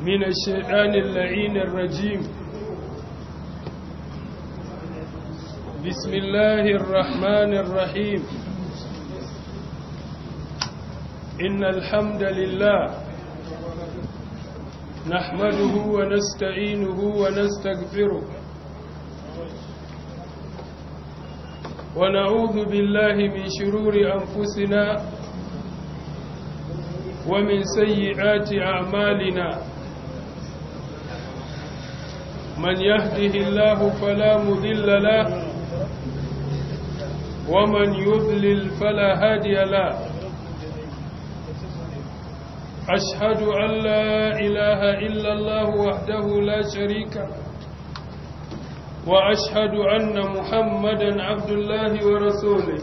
من الشيطان اللعين الرجيم بسم الله الرحمن الرحيم إن الحمد لله نحمده ونستعينه ونستغفره ونعوذ بالله من شرور أنفسنا ومن سيئات أعمالنا من يهده الله فلا مذل له ومن يضلل فلا هادي له أشهد أن لا إله إلا الله وحده لا شريك وأشهد أن محمدا عبد الله ورسوله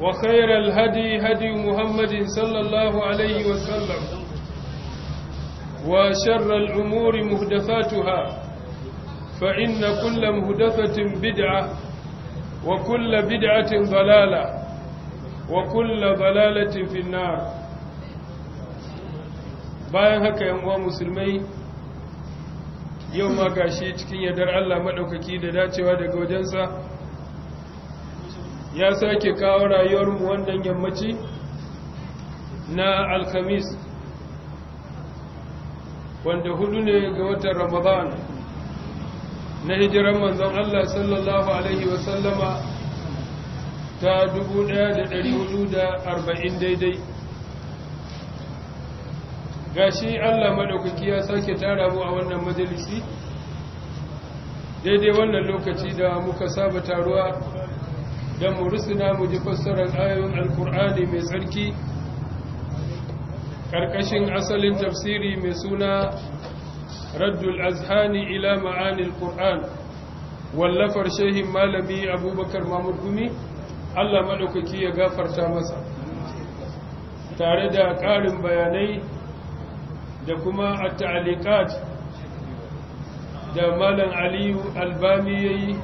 وخير الهدي هدي محمد صلى الله عليه وسلم وشر الأمور مهدفاتها فإن كل مهدفة بدعة وكل بدعة ضلالة وكل ضلالة في النار bayan haka yanwa musulmai yau ma gashi cikin yadar Allah maɗaukaki da dacewa daga wajensa ya sake kawo rayuwarmu wannan yammaci na alkhamis wanda hudu ne ga watan ramadan na hijiran manzon Allah sallallahu alaihi wasallama ta 1440 daidai gashi Allah madaukaki ya sake tara mu a wannan majalisi daidai wannan lokaci da muka saba taruwa don mu rusuna mu ji fassarar ayoyin alkur'ani mai tsarki ƙarƙashin asalin tafsiri mai suna raddul azhani ila ma'anil qur'an wallafar shehin malami abubakar mahmud allah maɗaukaki ya gafarta masa tare da ƙarin bayanai da kuma a ta'alikat da malam aliyu albani ya yi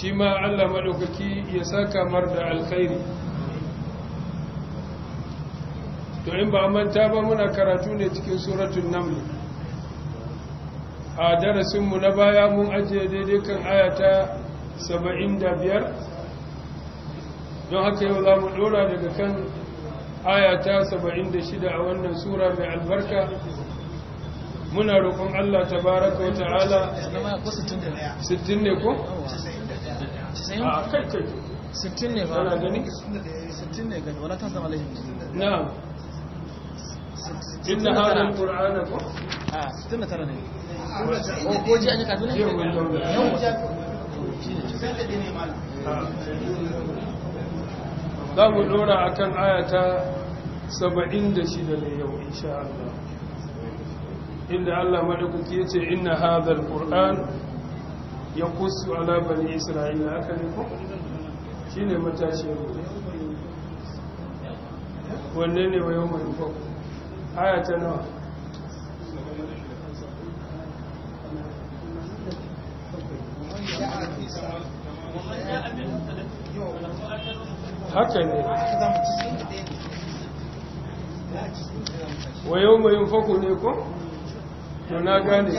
shi ma Allah maɗaukaki ya saka mar da alkhairi to in ba manta ba muna karatu ne cikin suratun namli a darasinmu na baya mun ajiye daidai kan ayata saba'in da biyar don haka yau za mu ɗora daga kan ayata saba'in da shida a wannan sura mai albarka muna roƙon Allah tabaraka wa ta'ala 60 ne ko? 90 ah. kai kai 60 ne ba gani 60 eh, ne gani wala ta zama na'am inna 69 ah, ne ko an ka tuna za mu dora akan ayata 76 ne yau insha Allah inda Allah madaukaki yace inna hadha ya kusu ala bani isra'ila aka ne shi ne wanne ne wa yau mai ko ta nawa haka ne wa yau mai ko? to na gane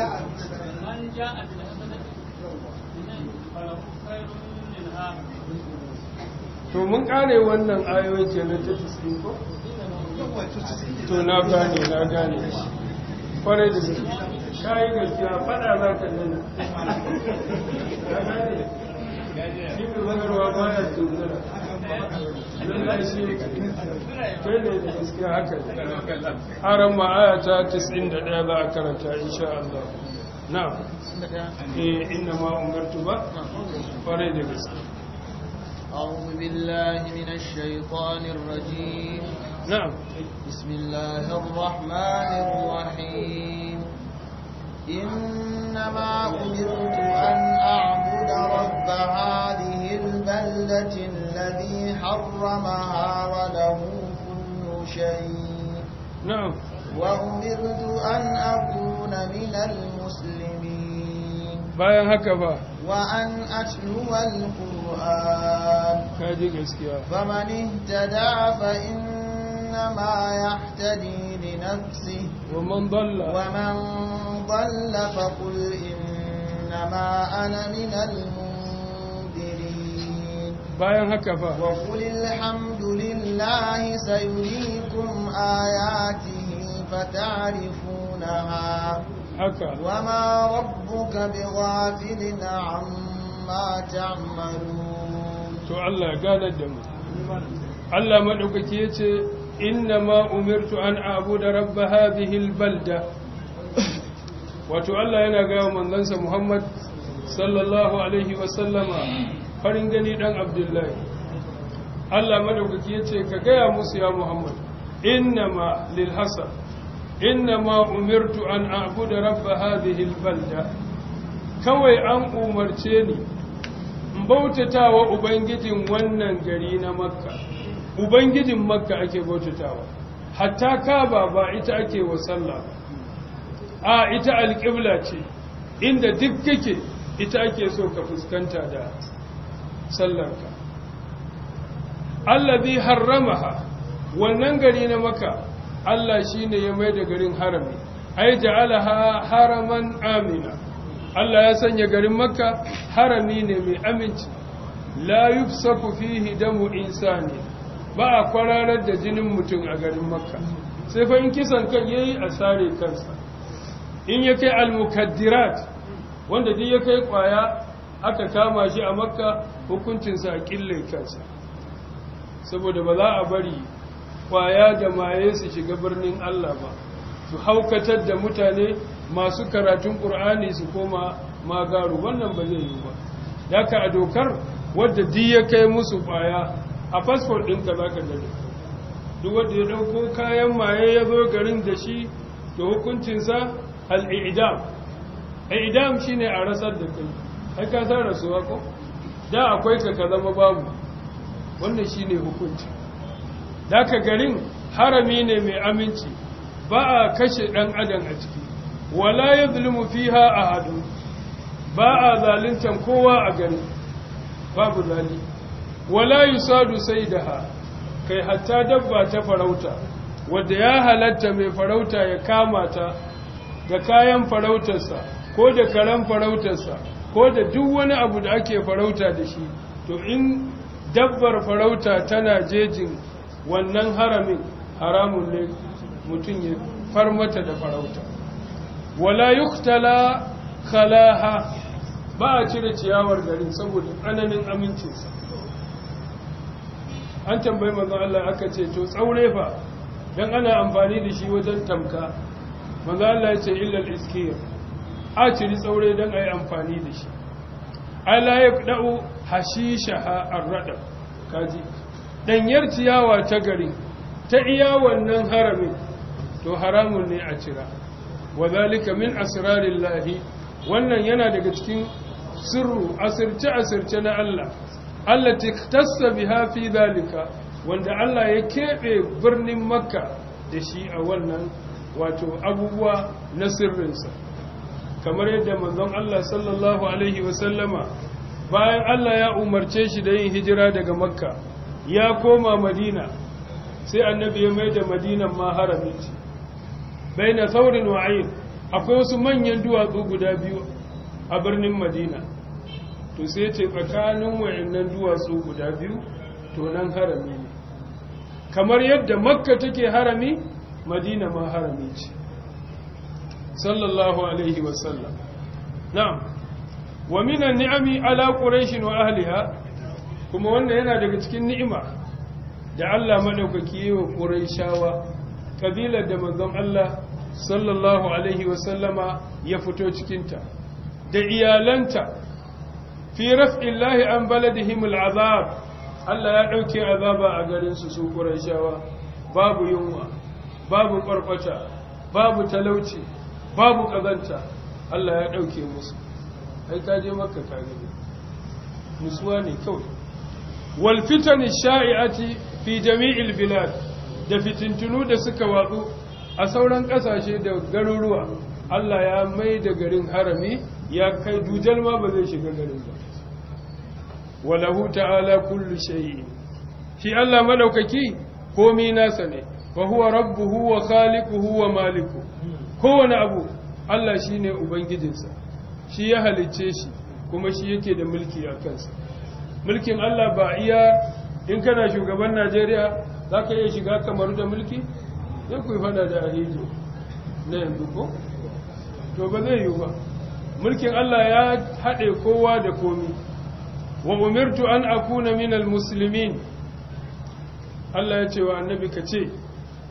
to mun kare wannan ayoyi ce na ta tiskin ko? to na gane na gane kwarai da gaske ka yi ya fada za ka nuna na gane shi ne ruwa ba ya tunzura don da shi kai da da gaskiya haka haram ma'aya ta ɗaya za a karanta insha Allah نعم إيه، إنما أمرت بك أعوذ بالله من الشيطان الرجيم نعم بسم الله الرحمن الرحيم إنما أمرت أن أعبد رب هذه البلدة الذي حرمها وله كل شيء نعم وأمرت أن أكون من المسلمين bayan haka ba wa an atluwa alquran kaji gaskiya faman ihtada fa innama yahtadi li nafsi wa man dalla wa man dalla fa qul innama ana min bayan haka ayati فتعرفونها وما ربك بغافل عما تعملون تو الله قال الدم الله مدعوك إنما أمرت أن أعبد رب هذه البلدة Allah yana gaya manzansa Muhammad sallallahu farin gani dan Abdullahi Allah madaukaki ka gaya musu ya innama lil إنما أمرت أن أعبد رب هذه البلدة كوي أن أمرتني مبوتتا وأبنجد ونن جرين مكة أبنجد مكة أكي بوتتا حتى كابا باعتا أكي وسلا آئتا القبلة عند دكك ita أكي سوك فسكنتا دا da الذي allazi harramaha wannan gari na maka Allah shi ne ya mai da garin harami ai ja'ala haraman amina Allah ya sanya garin makka harami ne mai aminci la yufsaku fihi damu insani ba a kwararar da jinin mutum a garin makka sai fa in kisan kan yayi a sare kansa in ya kai al wanda duk ya kai kwaya aka kama shi a makka hukuncinsa a kille kansa saboda ba za a bari kwaya da maye su shiga birnin Allah ba su haukatar da mutane masu karatun ƙur'ani su koma magaru wannan ba zai yi ba ka a dokar wadda di ya kai musu kwaya a fasfor ɗinka za ka gani duk wadda ya ɗauko kayan maye ya zo garin da shi da hukuncinsa al'idam al'idam shi ne a rasar da kai ai ka san rasuwa ko da akwai ka ka zama babu wannan shi ne hukuncin. daga garin harami ne mai aminci ba a kashe ɗan adam a ciki wala ya zulmu fiha hadu ba a zaluntan kowa a garin babu zali wala da ha kai hatta dabba ta farauta wadda ya halatta mai farauta ya kama ta da kayan farautarsa ko da karen farautarsa ko da duk wani abu da ake farauta da shi to in dabbar farauta tana jejin wannan haramin haramun ne mutum ya farmata da farauta wala yuktala khalaha ba a cire ciyawar garin saboda tsananin amincinsa an tambayi manzon Allah aka ce to tsaure fa dan ana amfani da shi wajen tamka manzon Allah ya ce illa al-iskir a ciri tsaure dan ayi amfani da shi ala yabda'u hashishaha ar-radab kaji ɗanyar ciyawa ta gari ta iya wannan haramin to haramun ne a cira wa zalika min asirarin lahi wannan yana daga cikin sirru asirce-asirce na Allah Allah ta biha fi zalika wanda Allah ya keɓe birnin makka da shi a wannan wato abubuwa na sirrinsa kamar yadda manzon Allah sallallahu Alaihi wasallama bayan Allah ya umarce shi da yin hijira daga makka ya koma madina sai annabi ya mai da madinan ma harami ce bai na saurin wa'ayin akwai wasu manyan duwatsu guda biyu a birnin madina to sai ce tsakanin wa'annan duwatsu guda biyu to nan harami ne kamar yadda makka take harami madina ma harami ce sallallahu alaihi wasallam na'am wa minan ni'ami ala quraishin wa ahliha kuma wannan yana daga cikin ni'ima da Allah madaukaki yawa Qurayshawa kabilar da manzon Allah sallallahu alaihi wa sallama ya fito cikin ta da iyalanta fi raf'illahi an baladihim al'azab Allah ya dauke azaba a garin su su Qurayshawa babu yunwa babu barkwata babu talauci babu ƙazanta Allah ya ɗauke musu ai ka je makka ka gani musuwa ne kawai wal fitan sha'i'ati fi jami'il bilad da fitintunu da suka watsu a sauran ƙasashe da garuruwa Allah ya mai da garin harami ya kai dujal ma ba zai shiga garin ba walahu ta'ala kullu shay'in shi Allah madaukaki komi nasa ne wa huwa rabbuhu wa khaliquhu wa maliku kowane abu Allah shine ubangijinsa shi ya halicce shi kuma shi yake da mulki a kansa mulkin Allah ba iya in kana shugaban Najeriya za ka iya shiga kamar da mulki sai ku yi fada da ahijo na yanzu ko to ba zai yiwu ba mulkin Allah ya haɗe kowa da komi wa umirtu an akuna minal muslimin Allah ya ce wa annabi ka ce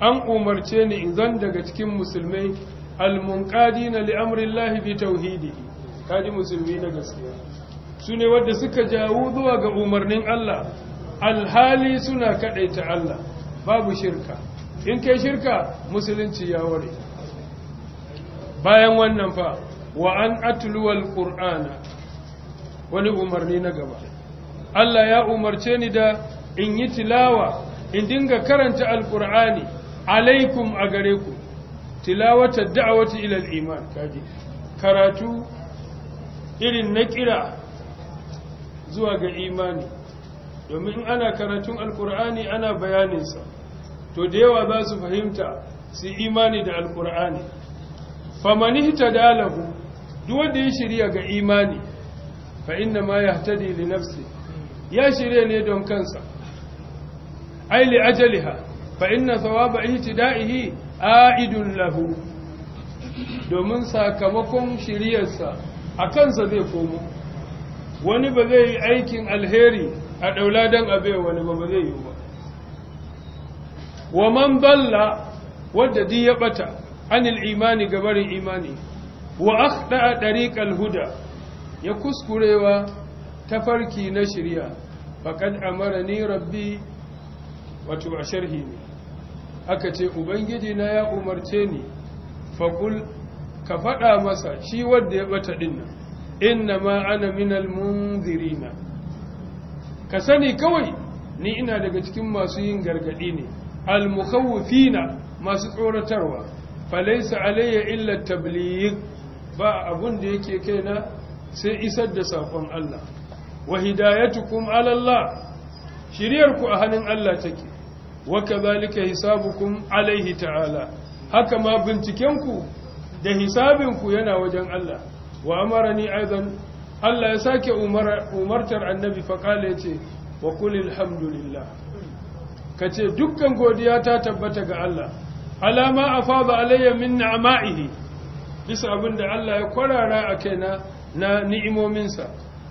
an umarce ni in zan daga cikin musulmai almunqadina li amrillahi bi tauhidihi kaji musulmi na gaskiya su ne wadda suka jawo zuwa ga umarnin Allah alhali suna kaɗaita Allah babu shirka in kai shirka musulunci ya ware bayan wannan fa wa an atluwal qur'ana wani umarni na gaba Allah ya umarce ni da in yi tilawa in dinga karanta alqur'ani alaikum a gare ku tilawata da'awati ila al-iman kaji karatu irin na kira zuwa ga imani domin ana karatun alkur'ani ana bayaninsa to da yawa za su fahimta su imani da alkur'ani famani ta duk wanda ya shirya ga imani fa inna ma ya li nafsi ya shirya ne don kansa ai li ajaliha fa inna thawaba ihtida'ihi a'idun lahu domin sakamakon shiryarsa a kansa zai komo wani ba zai yi aikin alheri a ɗauladan don abe wani ba zai yi ba wa man balla wadda di ya bata anil imani gabarin imani wa akhda ɗariƙar huda ya kuskurewa tafarki na shari'a amara ni rabbi wato a sharhi ne aka ce ubangiji na ya umarce ni faqul ka faɗa masa shi wadda ya bata ɗinnan. inna ma ana minal munzirina ka sani kawai ni ina daga cikin masu yin gargadi ne al mukhawfina masu tsoratarwa falaysa alayya illa tabligh ba abun da yake kaina sai isar da sakon Allah wa hidayatukum ala Allah shiriyarku a hannun Allah take wa kadhalika hisabukum alayhi ta'ala haka ma bincikenku da hisabinku yana wajen Allah wa amarani aidan Allah ya sake umartar annabi faƙala ya ce wa kulil hamdulillah ka ce dukkan godiya ta tabbata ga Allah alama a faɗa alayya min na'ama'ihi bisa abin da Allah ya kwarara a kaina na ni'imominsa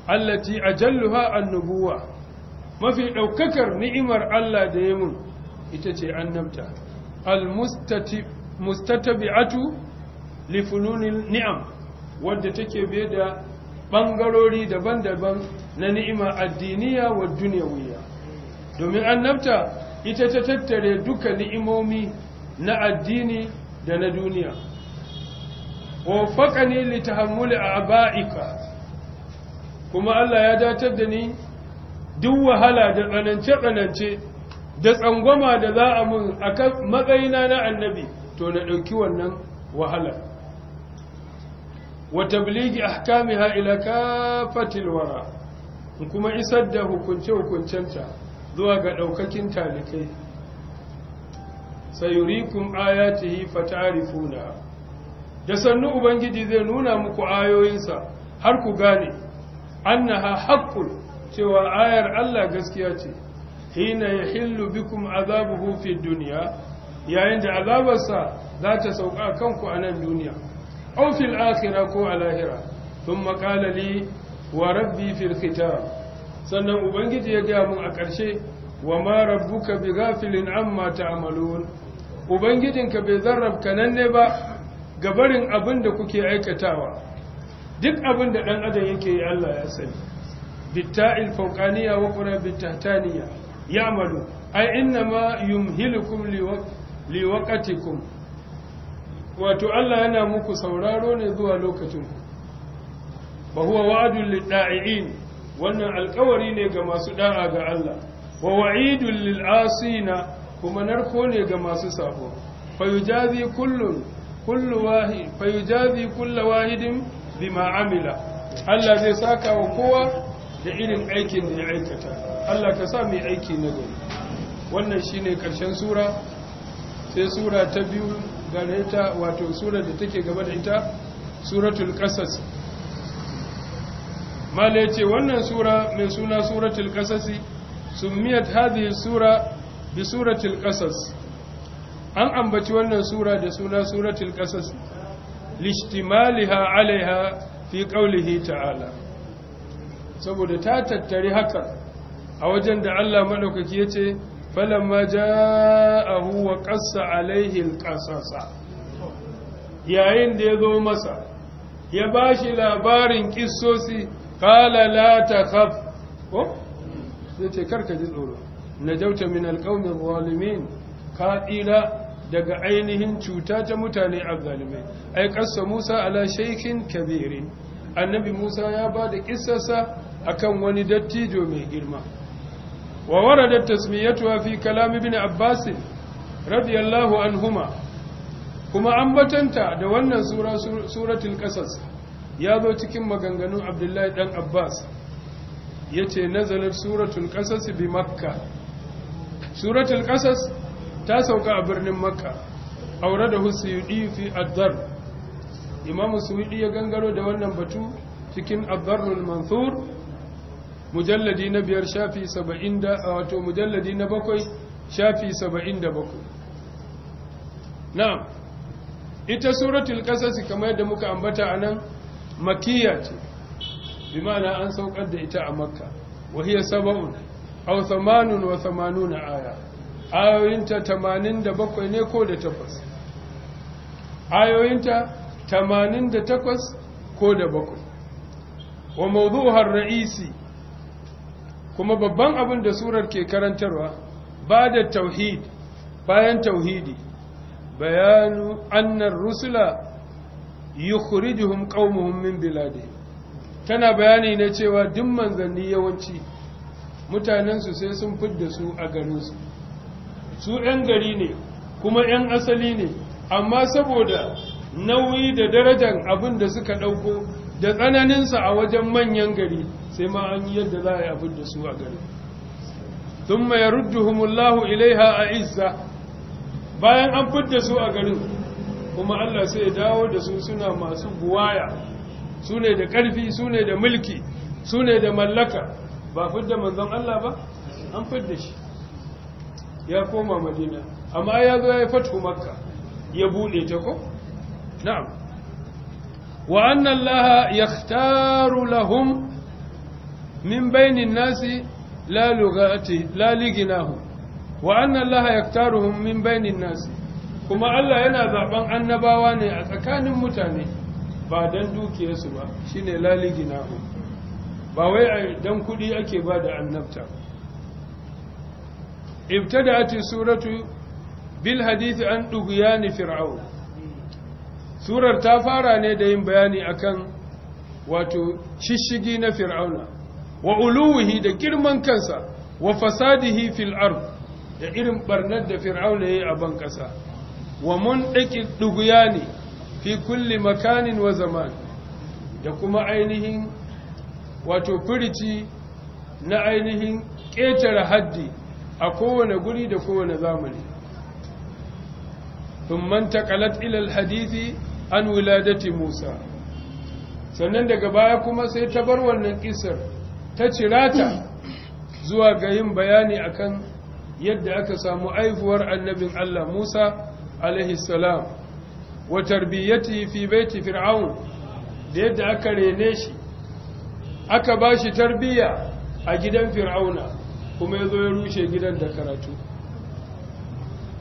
allati ajalluha annubuwa mafi ɗaukakar ni'imar Allah da ya mun ita ce annabta al mustatabi'atu li fununil ni'am wadda take biye da ɓangarori daban-daban na ni'ima addiniya wa duniyawiya domin annabta ita ta tattare duka ni'imomi na addini da na duniya wafakani litahammuli aba'ika kuma Allah ya datar da ni duk wahala da tsanance-tsanance da tsangwama da za a mun a matsayina na annabi to na ɗauki wannan wahalar وتبليغ أحكامها إلى كافة الورى وكما إسده كنت وكنت ذوق أوكك تالكي سيريكم آياته فتعرفونها da sannu ubangiji zai nuna muku ayoyinsa har ku gane annaha haqqul cewa ayar Allah gaskiya ce hina yahillu bikum azabuhu fi dunya yayin da azabarsa za ta sauka kanku a nan duniya aw fil ko Alahira lahira thumma qala wa rabbi fil khitab sannan ubangiji ya gaya mun a ƙarshe wa ma rabbuka bi ghafilin amma ta'malun ubangijinka bai zarrabka nan ne ba gabarin abin da kuke aikatawa duk abinda da dan adam yake yi Allah ya sani bitta'il fawqaniya wa qura bitahtaniya ya'malu ay inna ma yumhilukum liwaqatikum wato Allah yana muku sauraro ne zuwa lokacin ku fa huwa wa'dul lidda'iin wannan alƙawari ne ga masu da'a ga Allah wa wa'idul lil asina kuma narko ne ga masu sabo fa yujazi kullun kullu wahid fa yujazi kullu wahidin bima amila Allah zai saka wa kowa da irin aikin da ya aikata Allah ka sa mai aiki na gari wannan shine karshen sura sai sura ta biyu gare ta wato surar da take gaba da ita suratul qasas mala yace wannan sura mai suna suratul qasas summiyat hadhihi sura bi suratul qasas an ambaci wannan sura da suna suratul qasas lishtimaliha alaiha fi qaulihi ta'ala saboda ta tattari haka a wajen da Allah madaukaki yace falamma ja'ahu wa qassa alaihi alqasasa yayin da ya zo masa ya bashi labarin kissosi qala la takhaf ko yace karka ji tsoro najauta min alqawmi zalimin ka tsira daga ainihin cuta ta mutane azzalimai ai qassa Musa ala shaykhin kabirin annabi Musa ya ba da kissarsa akan wani dattijo mai girma ووردت تسميتها في كلام ابن عباس رضي الله عنهما كما أنبتنت دوانا سورة, سورة القصص يابو تكم مغنغنو عبد الله بن عباس يتي نزلت سورة القصص بمكة سورة القصص تاسوك أبرن مكة أورده السيدي في الضر إمام السيدي يغنغنو دوانا بطو تكم الضر المنثور mujalladi na biyar shafi saba'in a wato mujalladi na bakwai shafi saba'in da bakwai. na'am ita suratul kasasi kamar yadda muka ambata anan makiyya ce bi ma'ana an saukar da ita a makka wa hiya sabaun aw thamanun wa thamanuna aya ayoyinta bakwai ne ko da takwas ayoyinta takwas ko da bakwai? wa mawdu'uha ar-ra'isi kuma babban abin da surar ke karantarwa ba da tauhid bayan tauhidi bayanu annar rusula yukhrijuhum qaumuhum min bilade tana bayani na cewa duk manzanni yawanci mutanensu sai sun fidda su a garinsu su 'yan gari ne kuma 'yan asali ne amma saboda nauyi da darajar abin da suka ɗauko da tsananinsa a wajen manyan gari sai ma an yi yadda za a yi abin da su a gari tun mai rudduhumullahu ilaiha a izza bayan an fidda su a garin kuma Allah sai ya dawo da su suna masu buwaya su ne da ƙarfi su ne da mulki su ne da mallaka ba fidda manzon Allah ba an fidda shi ya koma madina amma ya zo ya yi fatu makka ya buɗe ta ko na'am wa anna allaha yakhtaru lahum min bayni nasi la lugati la liginahu wa anna allaha min bayni nasi kuma Allah yana zaɓan annabawa ne a tsakanin mutane ba dan dukiyarsu ba shine la liginahu ba wai dan kudi ake ba da annabta suratu bil hadith an ni fir'aun surar ta fara ne da yin bayani akan wato shishigi na fir'auna wa uluwihi da girman kansa wa fasadihi fil ard da irin barnar da fir'auna yayi a ban kasa wa munqi ne fi kulli makanin wa zaman da kuma ainihin wato furici na ainihin ƙetare haddi a kowane guri da kowane zamani ثم انتقلت ilal الحديث an wiladati Musa sannan daga baya kuma sai ta bar wannan kisar ta cirata zuwa ga yin bayani akan yadda aka samu aifuwar annabin Allah Musa alaihi salam wa tarbiyati fi baiti fir'aun da yadda aka rene shi aka bashi tarbiyya a gidan fir'auna kuma yazo ya rushe gidan da karatu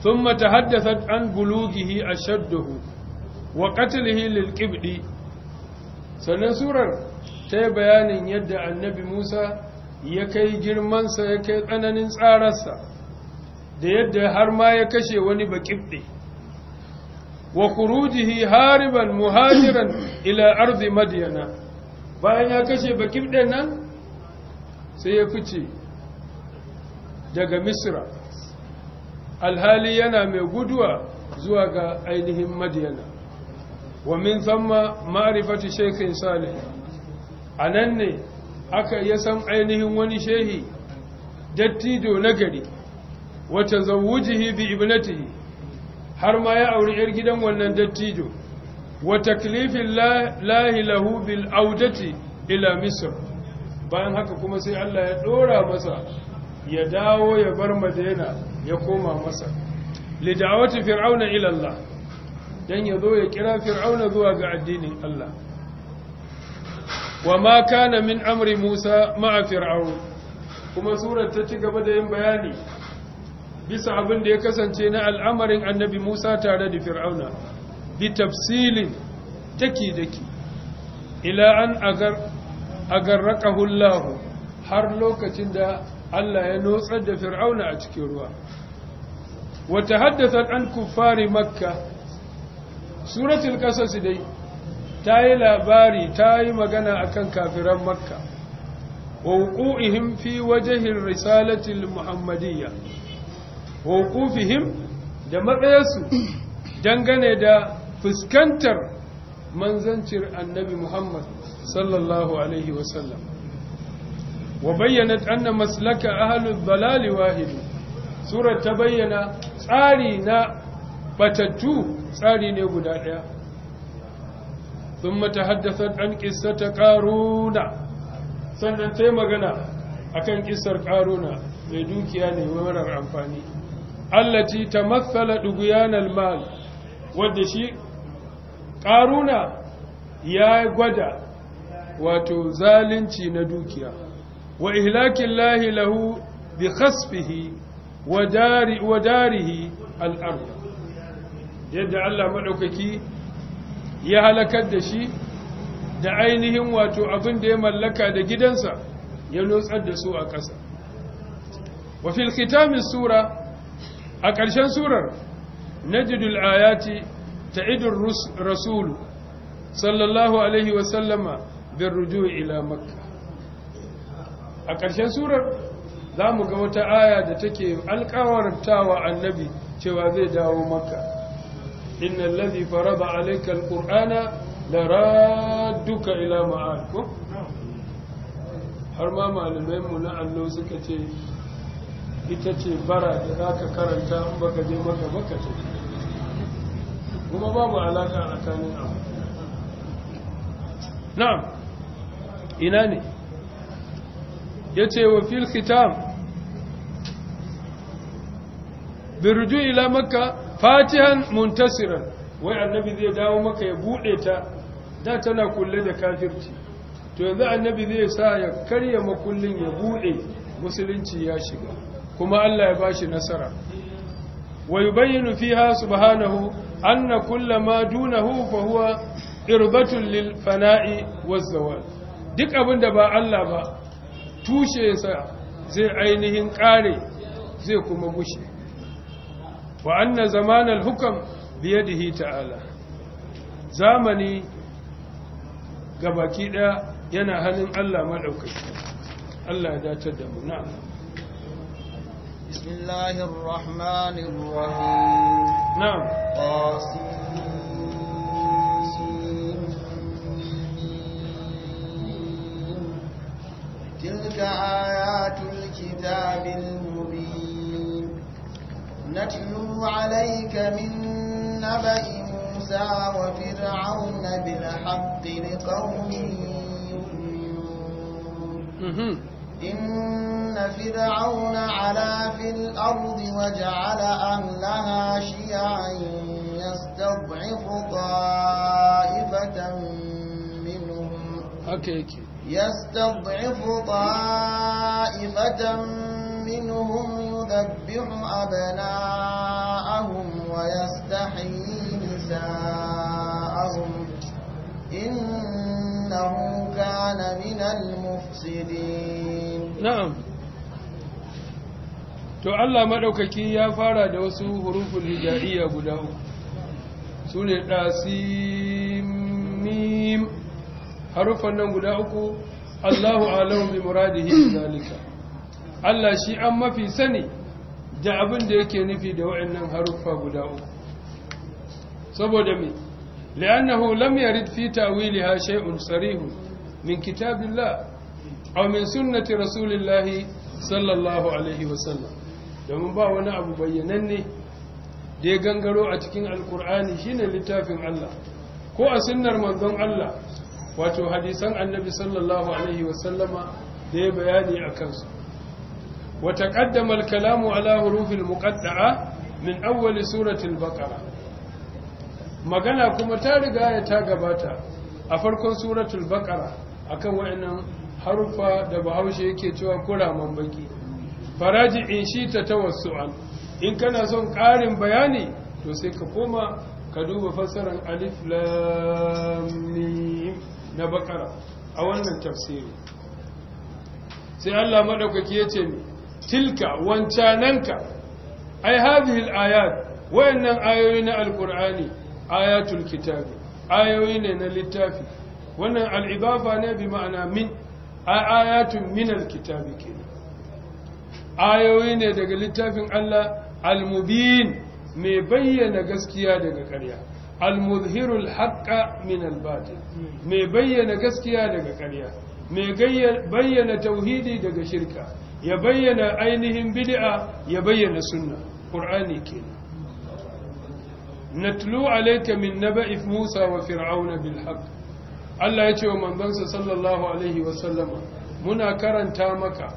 ثم تحدثت عن بلوغه أشده wa qatlihi lil qibdi sannan surar ta yi bayanin yadda annabi Musa ya kai girman sa ya kai tsananin tsararsa da yadda har ma ya kashe wani baƙibɗe wa khurujihi hariban muhajiran ila arzi madiyana bayan ya kashe baƙibɗen nan sai ya fice daga misra alhali yana mai guduwa zuwa ga ainihin madyana wa min thamma ma'rifati shaykhin a nan ne aka ya san ainihin wani shehi dattido nagari wa tazawwujihi bi ibnatihi har ma ya auri yar gidan wannan dattijo wata taklifin lahi lahu bil audati ila misr bayan haka kuma sai Allah ya ɗora masa ya dawo ya bar madina ya koma masa li da'awati fir'auna ilalla. don ya zo ya kira fir'auna zuwa ga addinin Allah wa ma kana min amri Musa ma'a fir'aun kuma surar ta ci gaba da yin bayani bisa abin da ya kasance na al'amarin annabi Musa tare da fir'auna bi tafsilin take daki ila an agar agarraqahu Allah har lokacin da Allah ya notsar da fir'auna a cikin ruwa wa tahaddathat an kuffari makkah suratul kasas dai ta yi labari ta yi magana akan kafiran makka ووقوعهم في وجه الرسالة المحمدية ووقوفهم da matsayarsu dangane da fuskantar manzancin annabi Muhammad sallallahu Alaihi wasallam wa bayyana anna maslaka ahalul balali wahidu surar ta bayyana tsari na batattu tsari ne guda ɗaya sun mata haddasa ɗan ƙisa ta ƙaruna sannan sai magana a kan ƙisar ƙaruna mai dukiya ne marar amfani allaci ta matsala ɗuguyanar mal wadda shi ƙaruna ya gwada wato zalunci na dukiya wa ihlakin lahi lahu bi khasfihi wa darihi al'arba yadda Allah maɗaukaki ya halakar da shi da ainihin wato abin da ya mallaka da gidansa ya lotsar da su a ƙasa fil kitamin sura a ƙarshen surar najidul ayati ta idin rasulu sallallahu alaihi wasallama bin ruju ila makka a ƙarshen surar za mu ga wata aya da take wa annabi cewa zai dawo makka إن الذي فرض عليك القرآن لرادك إلى معادكم har ma malamai na allo suka ce ita ce bara da za ka karanta in baka je maka baka ce kuma babu alaka a tsakanin abu na'am ina ne ya ce wa fil khitam birju ila makka fatihan muntasiran wai annabi zai dawo maka ya bude ta da tana kulle da kafirci to yanzu annabi zai sa ya karya makullin ya bude musulunci ya shiga kuma Allah ya bashi nasara wa yubayyinu fiha subhanahu anna kulla ma dunahu fa huwa irbatun lil fana'i waz-zawal duk abinda ba Allah ba tushe sa zai ainihin kare zai kuma gushe وأن زمان الحكم بيده تعالى زامني gabaki ɗaya yana hannun Allah maɗaukaki Allah ya dace da mu na bismillahir rahmanir rahim na'am tilka نتلو عليك من نبأ موسى وفرعون بالحق لقوم يؤمنون إن فرعون علا في الأرض وجعل أهلها شيعا يستضعف طائفة منهم يستضعف طائفة منهم يذبح أبناءهم ويستحيي نساءهم إنه كان من المفسدين نعم to Allah maɗaukaki ya fara da wasu huruful hijaiya guda uku sune dasim harufan nan guda uku Allahu alamu bi muradihi zalika Allah shi an mafi sani da abin da yake nufi da wa'annan haruffa guda uku saboda me li'annahu lam yarid fi ta'wiliha shay'un sarih min kitabillah aw min sunnati rasulillahi sallallahu alaihi wa sallam. domin ba wani abu bayyananne da ya gangaro a cikin alkur'ani shine littafin Allah ko a sunnar manzon Allah wato hadisan annabi sallallahu alaihi wa sallama da ya bayani a kansu وتقدم kalamu على حروف المقطعة من أول سورة البقرة magana kuma ta riga ya ta gabata a farkon suratul baqara akan wa'annan harufa da bahaushe yake cewa kuraman baki faraji in shi ta tawassu'an in kana son ƙarin bayani to sai ka koma ka duba fassarar alif lam na baqara a wannan tafsiri sai Allah madaukaki yace mi tilka wancananka ai hadhihi al-ayat wayannan ayoyi na alqur'ani ayatul kitabi ayoyi ne na littafi wannan al-ibafa ne bi ma'ana min ayatun min al-kitabi kenan ayoyi ne daga littafin Allah al-mubin mai bayyana gaskiya daga ƙarya al-muzhirul haqqa min al-batil mai bayyana gaskiya daga ƙarya mai bayyana tauhidi daga shirka ya bayyana ainihin bid'a ya bayyana sunna qur'ani kenan natlu alayka min naba'i musa wa fir'auna bil haqq Allah ya ce wa manzansa sallallahu alaihi wa sallama muna karanta maka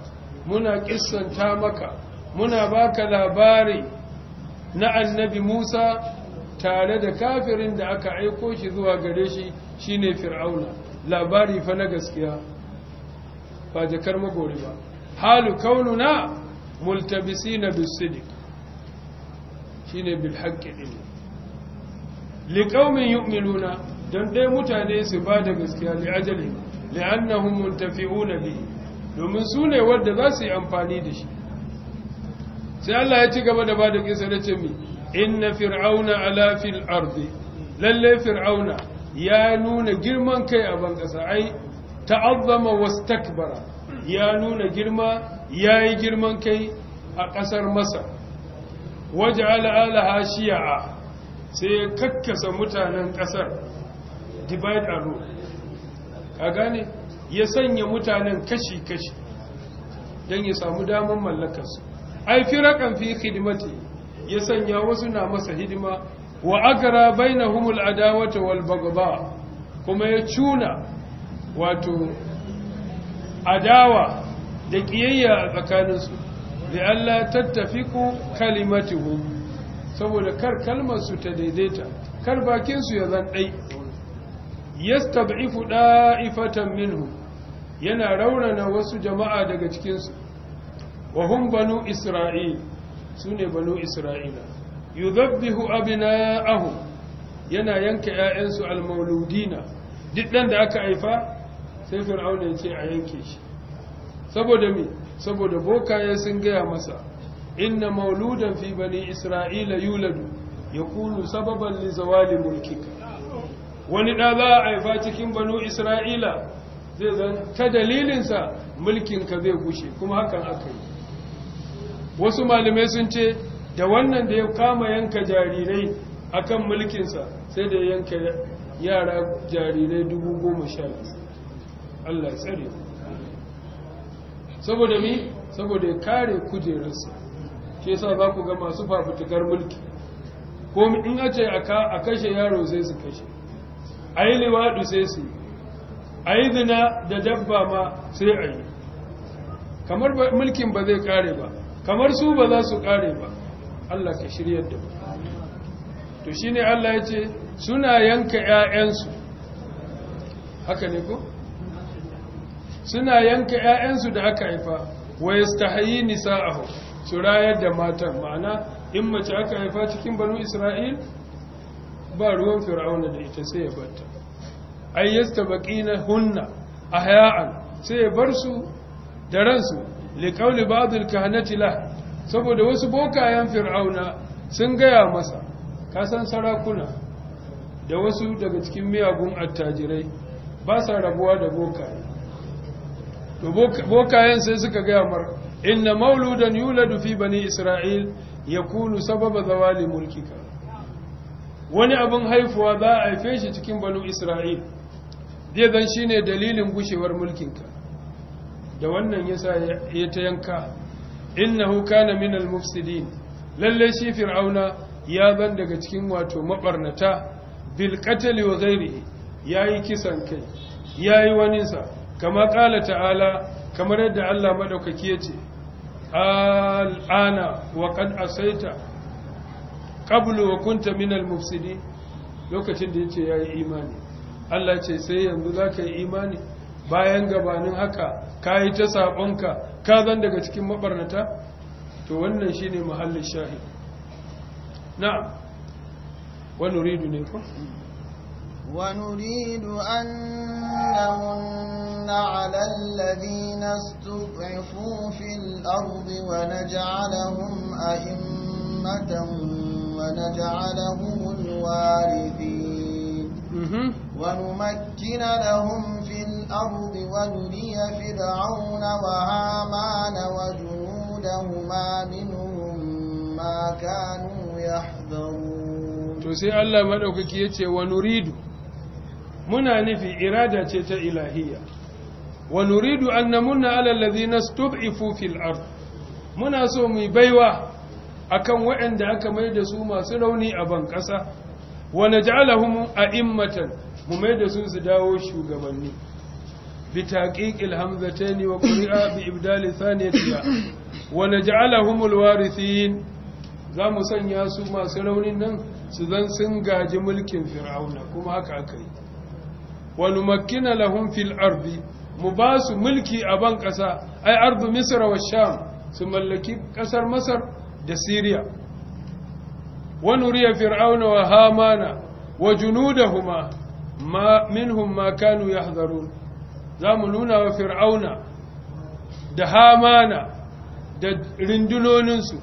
muna kissanta maka muna baka labari na annabi Musa tare da kafirin da aka aiko shi zuwa gare shi shine fir'auna labari fa na gaskiya ba jakar magori ba halu kaununa multabisina bisidiq shine bil haqqi din li qaumin yu'minuna dan dai mutane su ba da gaskiya li ajali li'annahum muntafi'una bihi domin sune ne wanda za su yi amfani da shi sai Allah ya ci gaba da ba da ƙisa da ce mi inna fir'auna ala fil ardi lalle fir'auna ya nuna girman kai a ban kasa ai ta'azzama wastakbara ya nuna girma ya yi girman kai a ƙasar masar waje shiya a sai ya kakkasa mutanen ƙasar divide a rule a gane ya sanya mutanen kashi-kashi don ya samu damar mallakarsu ai firakan fi hidimati ya sanya wasu na masa hidima wa agara humul adawata walbagaba kuma ya cuna wato adawa da ƙiyayya a tsakaninsu da Allah tattafiku kalimatuhu saboda kar kalmarsu ta daidaita kar bakinsu ya zan ɗai yastab'ifu da'ifatan minhu yana raurana wasu jama'a daga cikinsu wa hum banu isra'il sune banu isra'ila yudhabbihu abna'ahum yana yanka 'ya'yansu al duk duk da aka haifa sai fir'auna ya ce a yanke shi saboda me saboda bokaye sun gaya masa inna mauludan fi bani isra'ila yuladu yakunu sababan li zawali mulkika wani da za a haifa cikin banu isra'ila zai zan ta dalilinsa ka zai gushe kuma hakan aka yi wasu malamai sun ce da wannan da ya kama yanka jarirai akan mulkinsa sai da yanka yara jarirai dubu goma sha biyu Allah ya tsare saboda mi saboda ya kare kujerarsa ke sa za ku ga masu fafutukar mulki ko in a ce a kashe yaro sai su kashe a yi liwaɗu sai su a yi zina da dabba ma sai a yi kamar mulkin ba zai kare ba kamar su ba za su kare ba Allah ka shiryar da mu to shine Allah ya ce suna yanka ‘ya'yansu haka ne ko? suna yanka 'ya'yansu da aka haifa wa a hau su rayar da matan ma'ana in mace aka haifa cikin banu isra'il ba ruwan fir'auna da ita sai ya batta baƙi na hunna a haya’an sai ya bar su da ransu li qawli ba'd al saboda wasu bokayen fir'auna sun gaya masa kasan sarakuna da wasu daga cikin miyagun attajirai ba sa rabuwa da bokaye to bokayen sai suka gaya mar inna mauludan yuladu fi bani isra'il yakunu sababa zawali mulkika wani abin haifuwa za a haife shi cikin bani isra'il zai zan shine dalilin gushewar mulkinka da wannan yasa ya ta yanka innahu kana minal mufsidin lalle shi fir'auna ya zan daga cikin wato mabarnata bil qatl wa ghairihi yayi kisan kai yayi waninsa kama ƙala ta'ala kamar yadda Allah maɗaukaki ya ce al'ana wa kan asaita ƙablu wa kunta minal mufsidi lokacin da ya ce ya yi imani Allah ce sai yanzu za ka yi imani bayan gabanin haka ka yi ta saɓonka ka zan daga cikin maɓarnata to wannan shi ne mahallin shahi na'am wani ridu ne ko ونريد an نمن على الذين استضعفوا في الأرض ونجعلهم أئمة ونجعلهم الوارثين ونمكن لهم في الأرض ونري فرعون وهامان وجنودهما منهم ما كانوا يحذرون تسي الله ملوكك يتي ونريد muna nufi irada ce ta ilahiyya wa nuridu an namunna ala allazina stub'ifu fil ard muna so mu baiwa akan waɗanda aka mai da su masu rauni a ban ƙasa wa naj'alahum a'immatan mu mai da su su dawo shugabanni bi taqiqil hamzataini wa qira'a bi ibdal thaniyatiha wa naj'alahum alwarithin za mu sanya su masu raunin nan su zan sun gaji mulkin fir'auna kuma haka aka yi wa numakkina lahum fil ardi mu ba su mulki a ban ƙasa ai ardu misra wa sham su mallaki ƙasar masar da siriya wa nuriya fir'auna wa hamana wa junudahuma ma minhum ma kanu yahdharun za mu nuna wa fir'auna da hamana da rindunoninsu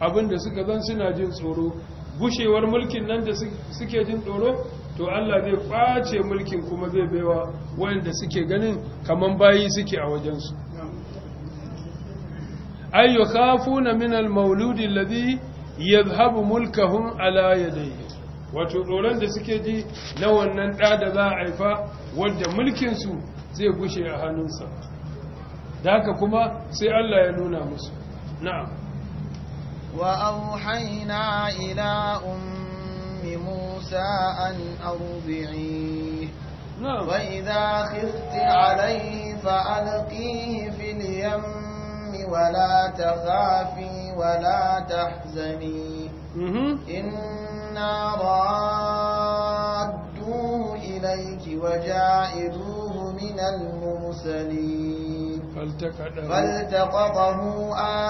abinda suka zan suna jin tsoro gushewar mulkin nan da suke jin tsoro to Allah zai face mulkin kuma zai baiwa wanda suke ganin kaman bayi suke a wajensu ay yukhafuna min al-mawludi alladhi yadhhabu mulkahum ala yadayhi wato tsoron da suke ji na wannan ɗa da za a haifa wanda mulkinsu zai gushe a hannunsa da kuma sai Allah ya nuna musu na'am wa ila موسى أن أرضعيه نعم. وإذا خفت عليه فألقيه في اليم ولا تخافي ولا تحزني إنا رادوه إليك وجاعلوه من المرسلين فالتقطه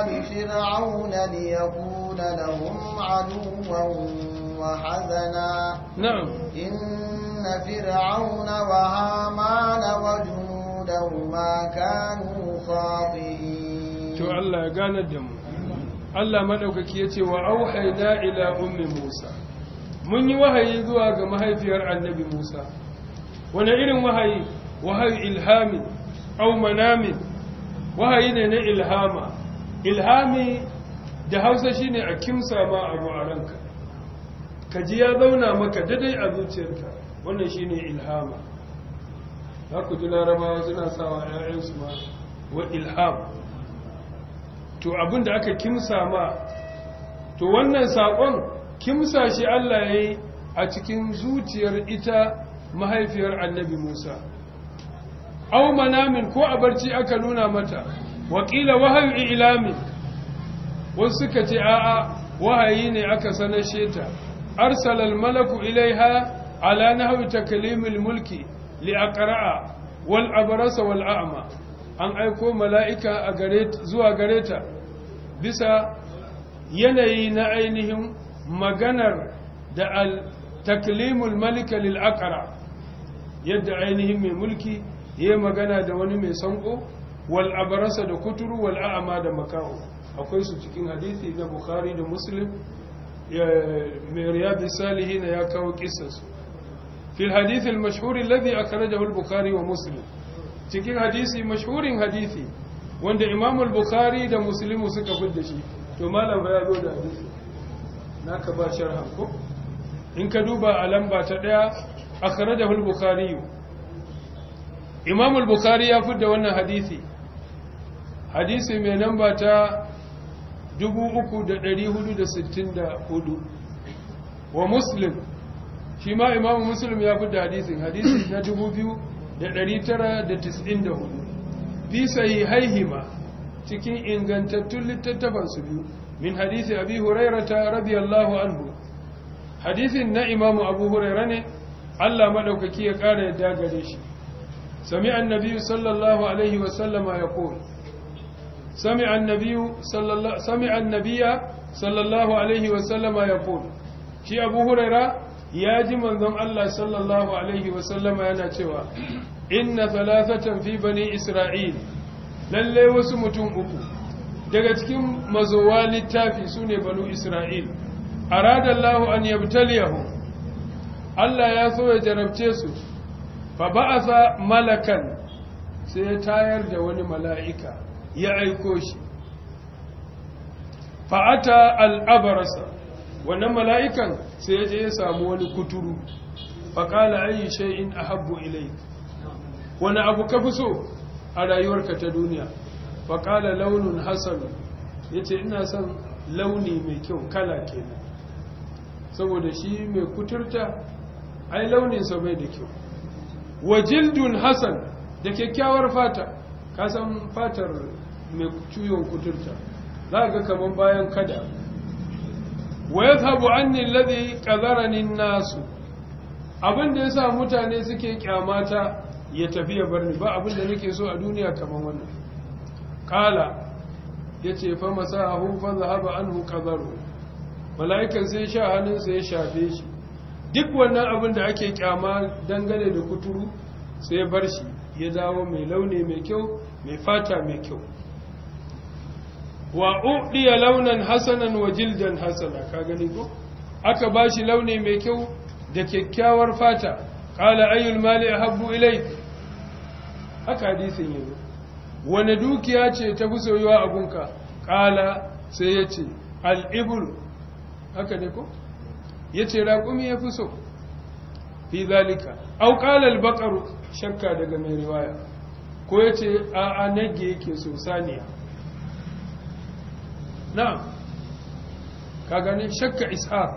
آل فرعون ليكون لهم عدوا وحزنا نعم إن فرعون وهامان وجنودهما كانوا خاطئين تو الله قال الدم Allah maɗaukaki ya ce wa auhaina ila ummi Musa mun yi wahayi zuwa ga mahaifiyar annabi Musa wani irin wahayi wahayi ilhami au manami wahayi ne na ilhama ilhami da hausa shine a kimsa ma a ranka ka ji ya zauna maka daidai a zuciyarka wannan shi ne ilhama za ku ji larabawa suna sawa 'ya'yansu ma wa ilham to abin da aka kimsa ma to wannan saƙon kimsa shi Allah ya yi a cikin zuciyar ita mahaifiyar annabi Musa au manamin ko a barci aka nuna mata wakila wahayu ilamin wasu suka ce a'a wahayi ne aka sanashe ta أرسل الملك إليها على نحو تكليم الملك لأقرع والأبرص والأعمى أن أيكو ملائكة أغريت زو أغريتا بسا ينين عينهم مغنر دع تكليم الملك للأقرع يد عينهم من ملكي هي مغنى دواني من سنقو والأبرص دا كتر والأعمى دا مكاو أقول سبتكين حديثي دا بخاري دا مسلم رياض ساله هنا يكاو كيسس في الحديث المشهور الذي أخرجه البخاري ومسلم تكين حديثي مشهور حديثي وان إمام البخاري دا مسلم وسكا فدشي تو مالا بيادو دا حديثي ناك باشر هنكو إن كدوبا ألم باتدع أخرجه البخاري إمام البخاري يفد وانا حديثي حديثي من نمبة 3464 wa muslim shi ma imamu muslim ya fi da hadisin hadisin na 2994 fi ma cikin ingantattun littattafansu su biyu min hadisi abi rabi Allahu anhu hadisin na imamu abu huraira ne Allah maɗaukaki ya ƙara yadda gare shi sami annabi sallallahu alaihi wasallama ya koyi سمع النبي صلى الله سمع النبي صلى الله عليه وسلم يقول شي أبو هريرة ياجي من ذم الله صلى الله عليه وسلم أنا توا إن ثلاثة في بني إسرائيل للي وسمتم daga cikin mazowa littafi su ne banu isra'il aradallahu an yabtaliyahu Allah ya so ya jarabce su fa ba'asa malakan sai ya tayar da wani mala'ika ya aiko shi fa'ata al'abarasa wannan mala'ikan sai ya je ya samu wani kuturu faƙala ayi a ahabbu ilai wani abu ka fi so a rayuwarka ta duniya faƙala launin hasan ya ce ina son launi mai kyau kala kenan saboda shi mai kuturta ai launinsa bai da kyau wa jildun hasan da kyakkyawar fata kasan fatar mai ciwon kuturta za ga kamar bayan kada wa sabu anni alladhi qadarani nasu. abin da yasa mutane suke kyamata ya tafi ya barni ni ba abin nake so a duniya kamar wannan ya ce fa hau fa zahaba anhu qadaru mala'ikan sai sha hannunsa sai ya shafe shi duk wannan abin da ake kyama dangane da kuturu sai bar shi ya dawo mai launi mai kyau mai fata mai kyau wa uɗiya launan hasanan wa jildan hasana ka gani ko aka ba shi launi mai kyau da kyakkyawar fata ƙala ayyul mali a habbu ilai haka hadisin yanzu wani dukiya ce ta fi soyuwa a gunka ƙala sai ya ce al'ibul haka ne ko ya ce raƙumi ya fi so fi zalika au ƙala albakaru shakka daga mai riwaya ko yace ce a nage yake so saniya na'am ka gane shakka ishaq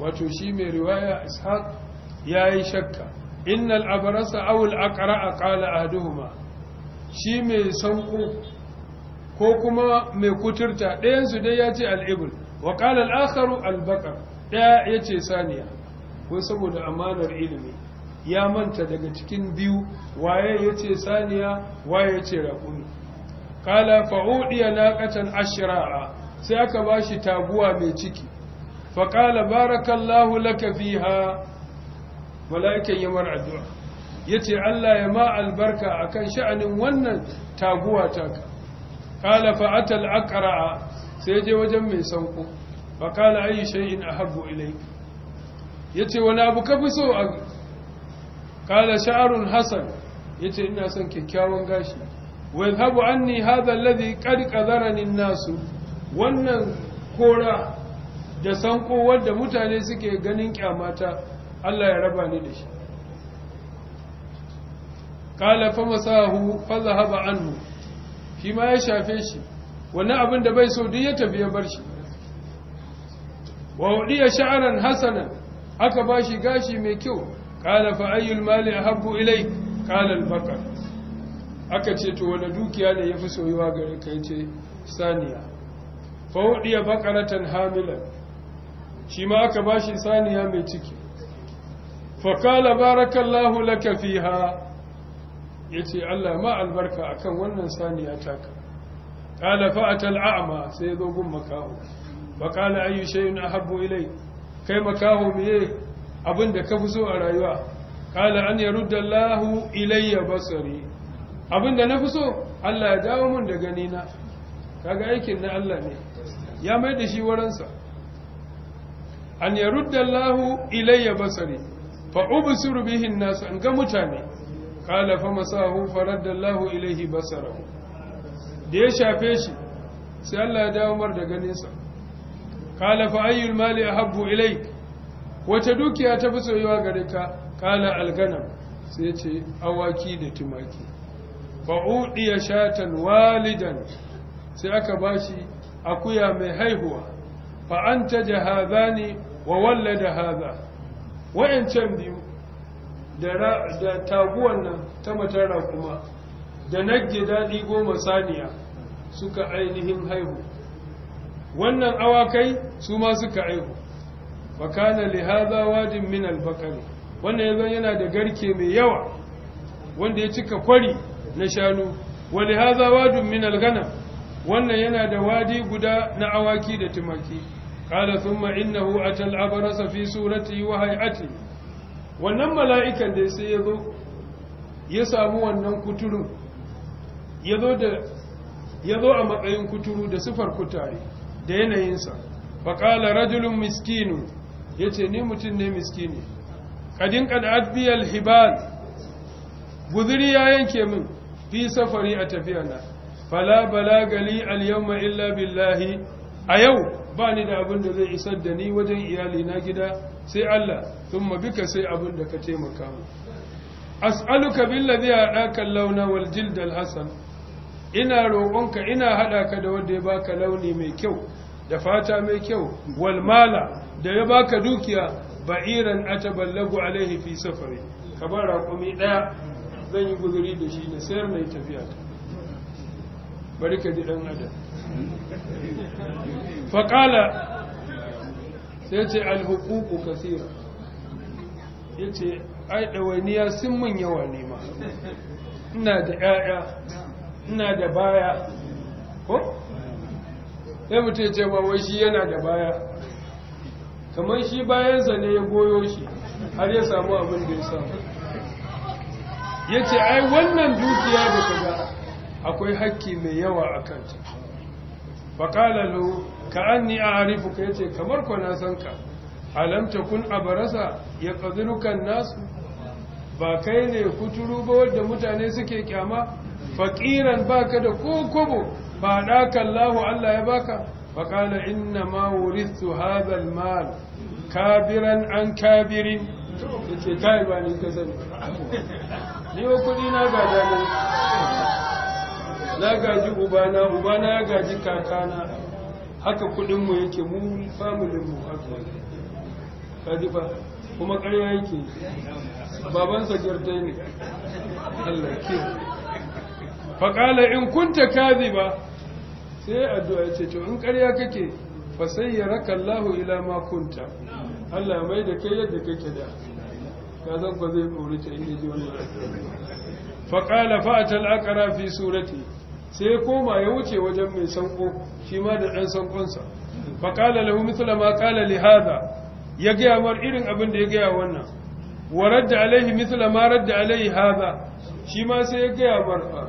wato shi mai riwaya ishaq yayi shakka innal abrasa awul al a qala ahduhuma shi mai sanku ko kuma mai kuturta Ɗayansu dai yace ce ibl wa qala al ɗaya yace saniya ko saboda amanar ilimi ya manta daga cikin biyu waye yace saniya waye yace raƙumi kala fa'udiya naqatan ashra'a sai aka bashi taguwa mai ciki fa kala barakallahu laka fiha malaikan yamar addu'a yace Allah ya ma albarka akan sha'anin wannan taguwa taka kala fa'ata atal aqra sai je wajen mai sanko fa kala ayi shay'in ahabbu ilayka yace wani abu ka fi so a qala Hassan hasan yace ina son kyakkyawan gashi ويذهب عني هذا الذي قد قذرني الناس wannan kora da sanko wanda mutane suke ganin kyamata Allah ya raba ni da shi qala fa masahu fa zahaba anhu shi ma ya shafe shi Wani abin da bai so duk ya tafi ya bar shi wa udiya sha'ran hasanan aka bashi gashi mai kyau qala fa ayyul mali ahabbu ilayk qala al-baqar aka ce to wani dukiya ne ya fi soyuwa gare ka ce saniya fawudiya bakaratan hamilan shi ma aka ba shi saniya mai ciki fakala barakallahu laka fiha ya ce allah ma albarka akan wannan saniya taka kala fa'atal a'ama sai zo gun makaho kala ayyu shay'in ahabbu ilai kai makaho miye abin da ka fi so a rayuwa kala an yarudda allahu ilayya basari abin da na fi so Allah ya dawo mun da gani na kaga aikin na Allah ne ya mai da shi waransa an ya rudda Allahu ilayya basari fa ubsiru bihin nas an ga mutane qala fa masahu faradda Allahu ilayhi basarahu da ya shafe shi sai Allah ya dawo mar da ganinsa qala fa ayyul mali ahabbu ilayk wata dukiya ta fi soyuwa gare ka Kala al-ghanam sai ce awaki da tumaki fa'uɗiya shatan walidan sai aka ba shi akuya mai haihuwa fa'anta da haza ne wa walla da haza wa'yancan biyu da taguwan nan ta matara kuma da nagge daɗi goma saniya suka ainihin haihu wannan awakai su ma suka haihu Bakana lihaza wadin min albakari wannan yanzu yana da garke mai yawa wanda ya cika kwari na shanu wani haza wadun min algana wannan yana da wadi guda na awaki da tumaki qala thumma innahu atal abrasa fi surati wa hay'ati wannan mala'ikan da sai yazo ya samu wannan kuturu yazo da a matsayin kuturu da sifar kutare da yanayinsa fa qala rajulun miskinu yace ni mutum ne miskini kadin kad adbiyal hibal guzuri ya yanke min fi safari a tafiya na fala balagali al illa billahi a yau ba ni da abin da zai isar da ni wajen iyali na gida sai Allah thumma bika sai abin da ka taimaka mu as'aluka billazi a'aka launa wal jild al-hasan ina roƙonka ina hada ka da wanda ya baka launi mai kyau da fata mai kyau wal mala da ya baka dukiya ba'iran ataballagu alaihi fi safari ka ba raƙumi daya zan yi guzuri da shi da sayar mai tafiya ta bari ka ji ɗan adam faƙala sai ce alhukuku kasira ya ce ai ɗawainiya sun mun yawa nema ina da ƴaƴa ina da baya ko? sai mutum ya ce wai shi yana da baya kamar shi bayansa ne ya goyo shi har ya samu abin da ya samu ya ce ai wannan dukiya da ka ga akwai hakki mai yawa a kanta faƙalalu ka an ni a harifu ka ya ce kamar na san ka alamta kun abarasa ya ƙazirukan nasu ba kai ne kuturu ba wadda mutane suke kyama faƙiran baka da ko kobo ba ɗakan lahu Allah ya baka faƙala inna ma su hadha mal kabiran an kabirin ya ce yi ba ni ka sani ni wa kudi na gada ne na gaji ubana ubana ya gaji kakana haka kudinmu yake mu familinmu haka kaji fa kuma karya yake babansa girta ne Allah ke faƙala in kunta kazi ba sai addu'a ya ce to in karya kake fa sayyaraka Allahu ila ma kunta Allah mai da kai yadda kake da ka zan ba zai kori ta inda ji wannan fa qala fa fi surati sai koma ya wuce wajen mai sanko shi ma da dan sankonsa fa lahu mithla ma ƙala li ya gaya mar irin abin da ya gaya wannan wa radda alaihi mithla ma radda alaihi hada. shi ma sai ya gaya mar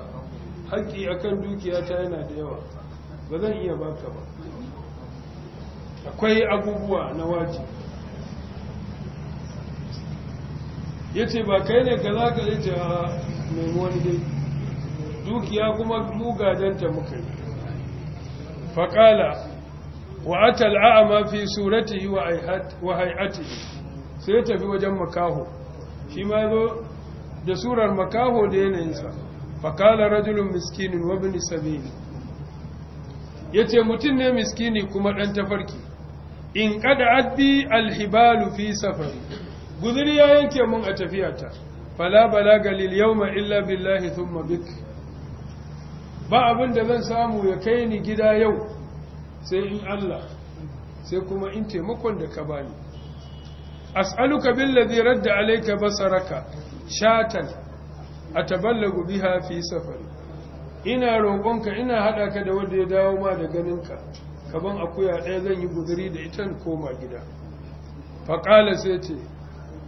haƙƙi akan dukiya ta yana da yawa ba zan iya baka ba akwai abubuwa na wajibi ya ce ba kai ne ka za ka yi ta mai wani dai dukiya kuma mugajenta muka yi faƙala wa atal a'ama fi suratihi wa haihati sai ya tafi wajen makaho shi ma zo da surar makaho da yanayinsa faƙala rajulun miskinin wa bin ya ce mutum ne miskini kuma ɗan tafarki in kada addi alhibalu fi safari guzuri ya yanke mun a tafiyata fala balaga lil yawma illa billahi thumma bik ba abin da zan samu ya kai ni gida yau sai in Allah sai kuma in taimakon da ka bani as'aluka billazi radda alayka basaraka shatan ataballagu biha fi safari ina roƙonka ina hada ka da wanda ya dawo ma da ganinka kaban akuya ɗaya zan yi guzuri da ita koma gida faƙala sai ce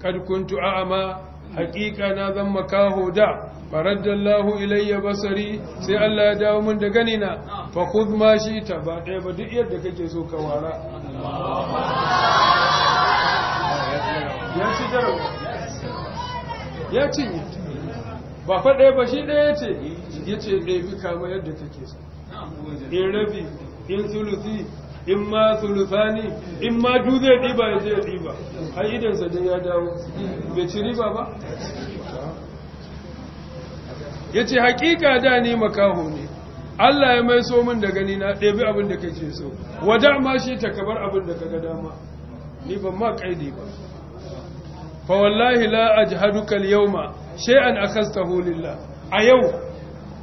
kad kuntu a'ama haƙiƙa na zan makaho da faraddallahu ilayya basari sai Allah ya dawo min da ganina fa khudh ma shi'ta ba ɗaya ba duk yadda kake so ka wara ya ci ya cinye ba fa ɗaya ba shi ɗaya ce ya ce ɗaya bi kama yadda kake so in eh, rabi in sulusi in ma sulusani in ma du zai ɗiba ya zai ɗiba har idansa dai ya dawo bai ci riba ba ya ce hakika da ni makaho ne Allah ya mai so min da gani na ɗabi abin da kake so wada ma shi ta kabar abin da kaga dama ni ban ma kaidi ba fa wallahi la ajhaduka al-yawma shay'an akhastahu lillah a yau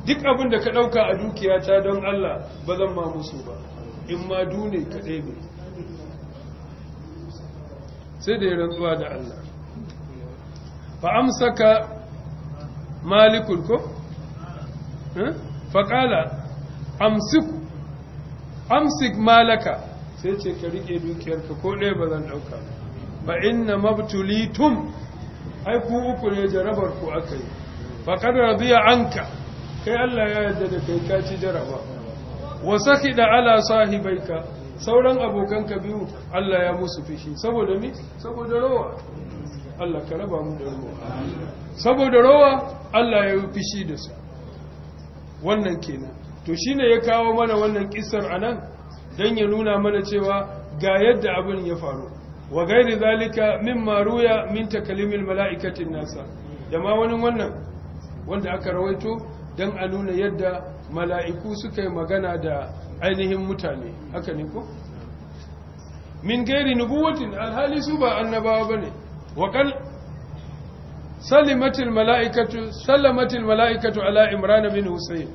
duk abin da ka ɗauka a dukiya ta don Allah ba zan ma musu ba in ma dune ka ɗebe sai da ya rantsuwa da Allah fa amsaka malikul ko eh? Faƙala amsik amsik malaka sai ce ka riƙe dukiyarka ko ɗaya ba zan ɗauka ba inna mabtulitum ai ku uku ne jarabar ku aka yi fa kad an anka kai Allah ya yarda da kai ka ci jaraba wa da ala sahibaika sauran abokanka biyu Allah ya musu fishi saboda mi saboda rowa Allah ka raba mu da rowa saboda rowa Allah ya yi fishi da su wannan kenan to shine ya kawo mana wannan kissar anan dan ya nuna mana cewa ga yadda abin ya faru wa gairi zalika mimma ruya min takalimil mala'ikatin nasa da ma wani wannan wanda aka rawaito don a nuna yadda mala'iku suka yi magana da ainihin mutane haka ne ko? min gairi nubuwatin alhali su ba annabawa ba ne waƙal salimatil mala'ikatu salamatil mala'ikatu ala imran bin husayn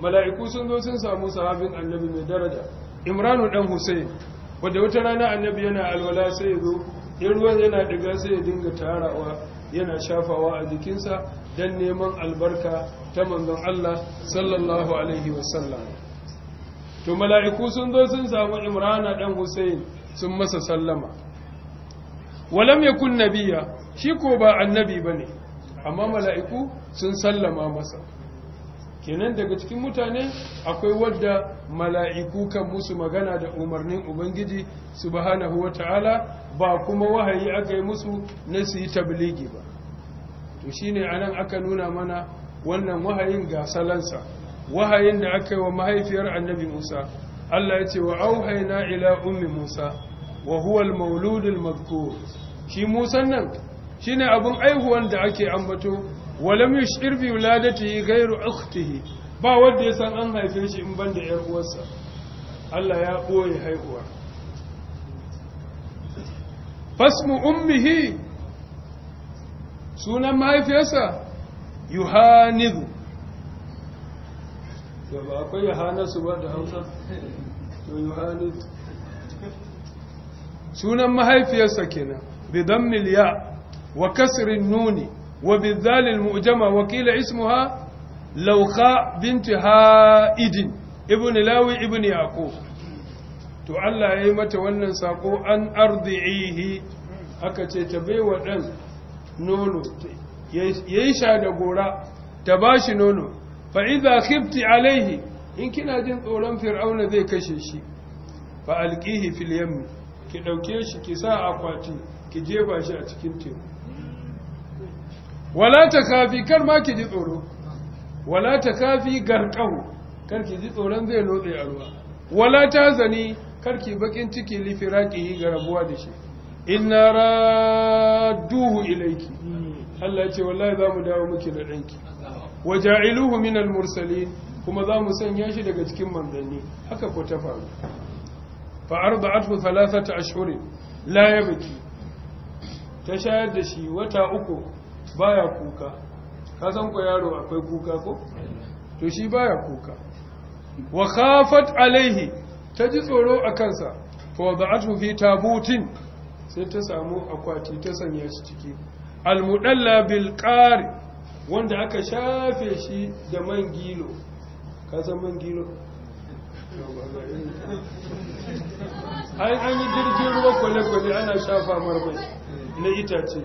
mala'iku sun zo sun samu sahabin annabi mai daraja imranu dan husayn wanda wata rana annabi yana alwala sai ya zo in ruwan yana diga sai ya dinga tarawa yana shafawa a jikinsa don neman albarka ta manzon Allah sallallahu alaihi wasallam to mala'iku sun zo sun samu imrana ɗan Hussein sun masa sallama walam ya kun nabiya shi ko ba annabi ba ne, amma mala'iku sun sallama masa kenan daga cikin mutane akwai wadda mala'iku kan musu magana da umarnin ubangiji subhanahu ta'ala ba kuma wahayi aka yi musu na su yi tabligi ba to shine anan aka nuna mana wannan wahayin ga salansa wahayin da aka yi wa mahaifiyar annabi Musa Allah ya ce wa auhayna ila ummi Musa wa huwal al-mawlud shi Musa nan shine abun aihuwan da ake ambato walam yushir bi wuladatihi gairu ukhtihi ba wanda ya san an haife shi in banda yar uwarsa Allah ya ɓoye haihuwa fasmu ummihi sunan mahaifiyarsa yuhanidu da ba akwai yohanasu ba da hausa to yohanidu sunan mahaifiyarsa kenan bidan miliya wa kasirin nuni wa bizalil mu'jama wakila kila ismuha lauka binti ha'idin ibn lawi ibn yaqub to Allah ya yi mata wannan sako an ardi'ihi aka ce ta baiwa ɗan nono ya yi sha da gora ta ba shi nono fa'iza kifti alaihi in kina jin tsoron fir'auna zai kashe shi fa alƙihi fil yammi ki ɗauke shi ki sa akwati ki jefa shi a cikin teku wala ta kafi kar ma ki ji tsoro wala ta kafi garƙahu kar ki ji tsoron zai lotse a ruwa wala ta zani kar ki bakin ciki lifiraƙi ga rabuwa da shi inna radduhu ilayki Allah ya ce wallahi zamu dawo miki da danki waja'iluhu min al kuma zamu sanya shi daga cikin manzanni haka ko ta faru fa arda'athu thalathata ashhurin la yabki ta shayar da shi wata uku baya kuka ka san ko yaro akwai kuka ko to shi baya kuka wa khafat alaihi ta ji tsoro a kansa fa wada'athu fi tabutin sai ta samu akwati ta sanya shi ciki almudalla bil qari wanda aka shafe shi da man gilo ka san man gilo ai an yi jirgin ruwa kwale-kwale ana shafa marmai na itace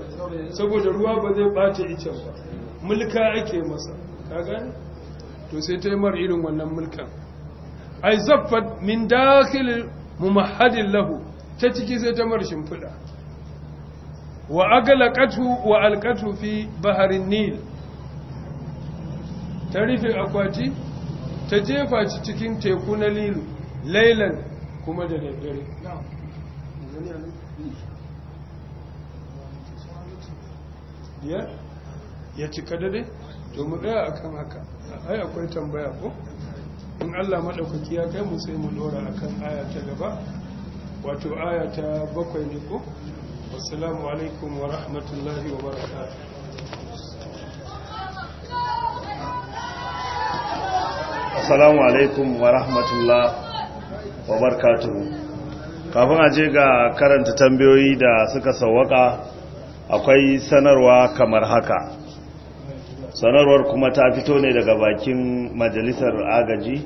saboda ruwa ba zai bata icen ba mulka ake masa ka gani to sai ta yi mar irin wannan mulkan ai zaffat min dakhil mumahadin lahu ta ciki sai ta mar shimfiɗa wa agalakatu wa alkatu fi baharin nil ta rufe akwati ta jefa ci cikin teku na lilu lailan kuma da daddare ya cika dai? domin mu a kan haka ai akwai tambaya ko in allah maɗaukaki ya kai mu sai mu dora akan aya ta gaba wato aya ta bakwai ne ko assalamu alaikum wa rahmatullahi wa barakatuh assalamu alaikum wa rahmatullahi wa barkatu. kafin a je ga karanta tambayoyi da suka sawaka akwai sanarwa kamar haka sanarwar kuma ta fito ne daga bakin majalisar agaji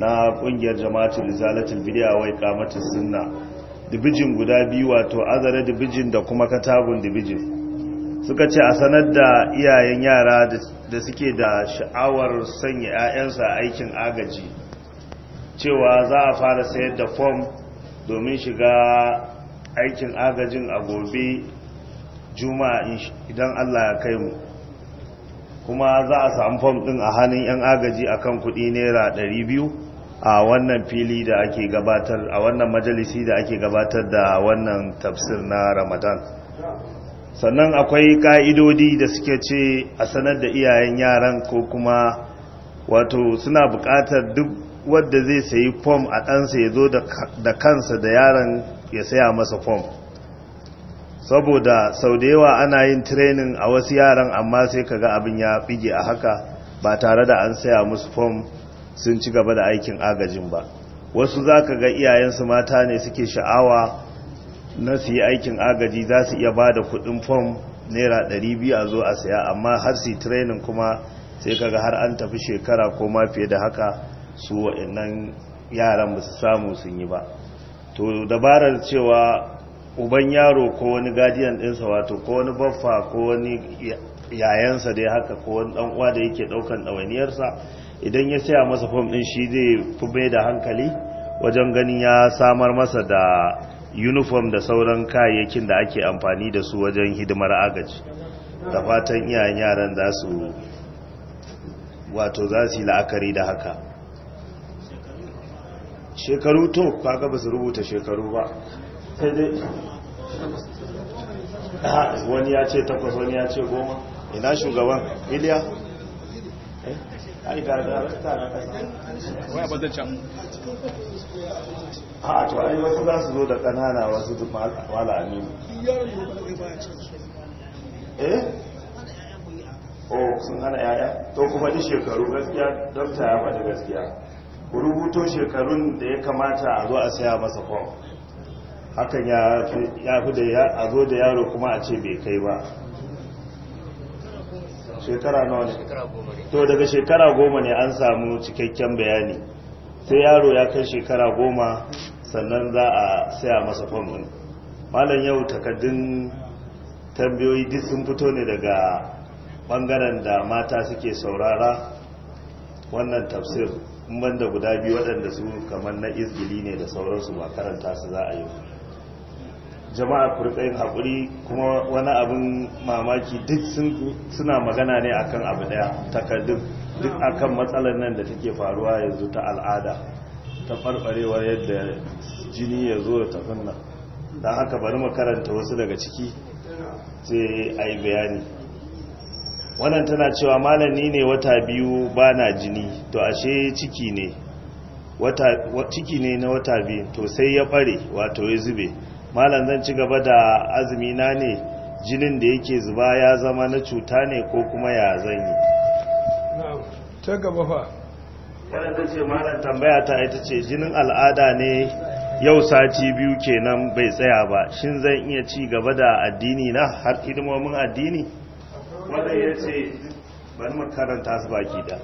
na kungiyar jama'atul zalatul bidiya wai kamatul sunna dibijin guda biyu wato azare dibijin da kuma katabun dibijin suka ce a sanar da iyayen yara da suke da sha'awar sanya 'ya'yansa aikin agaji cewa za a fara sayar da fom domin shiga aikin agajin a gobe juma'a idan allah ya kai mu kuma za a samu fom din a hannun 'yan agaji akan kudi naira biyu. a wannan fili da ake gabatar a wannan majalisi da ake gabatar da wannan tafsir na ramadan sannan akwai ka'idodi da suke ce a sanar da iyayen yaran ko kuma wato suna buƙatar duk wadda zai sayi fom a ɗansa ya zo da kansa da yaran ya saya masa fom saboda sau da yawa ana yin tirenin a wasu yaran amma sai kaga abin ya bige a haka ba tare da an saya musu fom sun ci gaba da aikin agajin ba wasu za ka ga iyayensu mata ne suke sha'awa na su yi aikin agaji za su iya ba da kudin fom naira 200 a zo a saya amma har su trenin kuma sai ka ga har an tafi shekara ko ma fiye da haka su wa'annan yaran ba su samu sun yi ba to dabarar cewa uban yaro ko wani guardian ɗinsa wato ko wani baffa ko wani yayansa dai haka ko wani ɗan'uwa da yake ɗaukan ɗawainiyarsa idan ya saya masa fom ɗin shi zai fi bai da hankali wajen ganin ya samar masa da uniform da sauran kayayyakin da ake amfani da su wajen hidimar agaji da fatan iyayen yaran za su wato za su yi la'akari da haka shekaru to kaga ba su rubuta shekaru ba sai dai wani ya ce takwas wani ya ce goma ina shugaban iliya eh? ai da da rasta na kasa waya ba zai can a to ai wasu za su zo da kanana wasu duk wala ne eh oh sun hana yaya to kuma ni shekaru gaskiya dokta ya faɗi gaskiya ku rubuto shekarun da ya kamata a zo a saya masa fom hakan ya fi da a zo da yaro kuma a ce bai kai ba shekara nawa ne to daga shekara goma ne an samu cikakken bayani sai yaro ya kai shekara goma sannan za a saya masa fom malam yau takaddun tambayoyi duk sun fito ne daga bangaren da mata suke saurara wannan tafsir ban da guda biyu waɗanda su kamar na izgili ne da sauransu ba karanta su za a yi jama'a ku haƙuri kuma wani abin mamaki duk suna magana ne akan abu daya takardun duk akan matsalar nan da take faruwa yanzu ta al'ada ta farfarewar yadda jini ya zo da tafin nan don haka bari makaranta wasu daga ciki sai a yi bayani wannan tana cewa malami ne wata biyu ba na jini to ashe ciki ne ciki ne na wata biyu to sai ya ɓare wato ya zube malam zan ci gaba da azumi na ne jinin da yake zuba ya zama na cuta ne ko kuma ya zan yi ta gaba fa wannan ta ce malam tambaya ta ita ce jinin al'ada ne yau sati biyu kenan bai tsaya ba shin zan iya ci gaba da addini na har hidimomin addini wannan ya ce bari mu karanta su baki da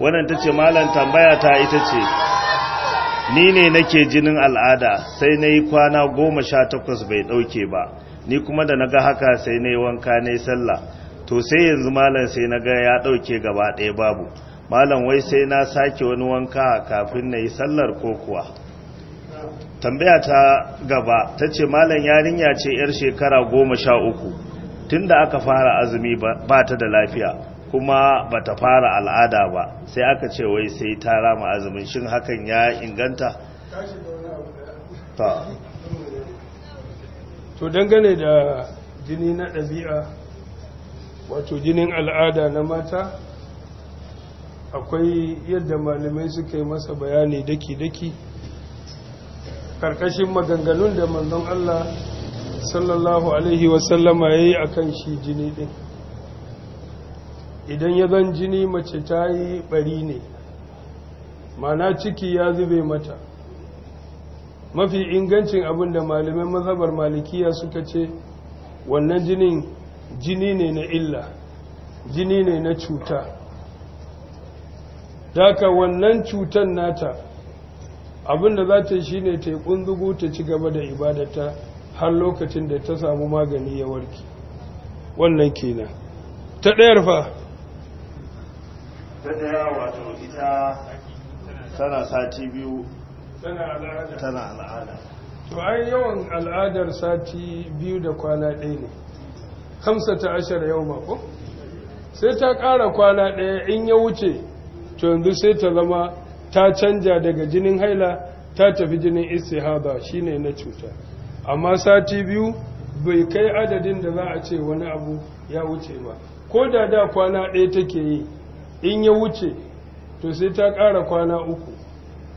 wannan ta ce malam tambaya ta ita ce ni ne nake jinin al'ada sai na yi kwana goma sha takwas bai ɗauke ba ni kuma da naga haka sai na yi wanka na yi sallah to sai yanzu malam sai na ga ya ɗauke gaba ɗaya babu malam wai sai na sake wani wanka kafin na yi sallar ko kuwa tambaya ta gaba ta ce malam yarinya ce 'yar shekara goma sha uku tun da aka fara azumi ba ta da lafiya kuma bata fara al'ada ba sai aka ce wai sai ta rama azumin shin hakan ya inganta to dangane da jini na ɗabi'a wato jinin al'ada na mata akwai yadda malamai suka yi masa bayani daki-daki ƙarƙashin maganganun da manzon Allah sallallahu alaihi wasallama ya yi a kan shi jini ɗin idan ya zan jini mace ta yi ɓari ne mana ciki ya zube mata mafi ingancin abin da malamai mazhabar malikiya suka ce wannan jinin jini ne na illa jini ne na cuta daga wannan cutan nata abin da za ta shi ne ta yi ƙunzugu ta ci gaba da ibadata har lokacin da ta samu magani ya warke wannan kenan ta ɗayar fa ta daya wato ita tana sati biyu tana al'ada to ai yawan al'adar sati biyu da kwana ɗaya ne kamsa ta ashar yau mako sai ta ƙara kwana ɗaya in ya wuce to yanzu sai ta zama ta canja daga jinin haila ta tafi jinin shi ne na cuta amma sati biyu bai kai adadin da za a ce wani abu ya wuce ba ko da da kwana ɗaya take yi in ya wuce to sai ta ƙara kwana uku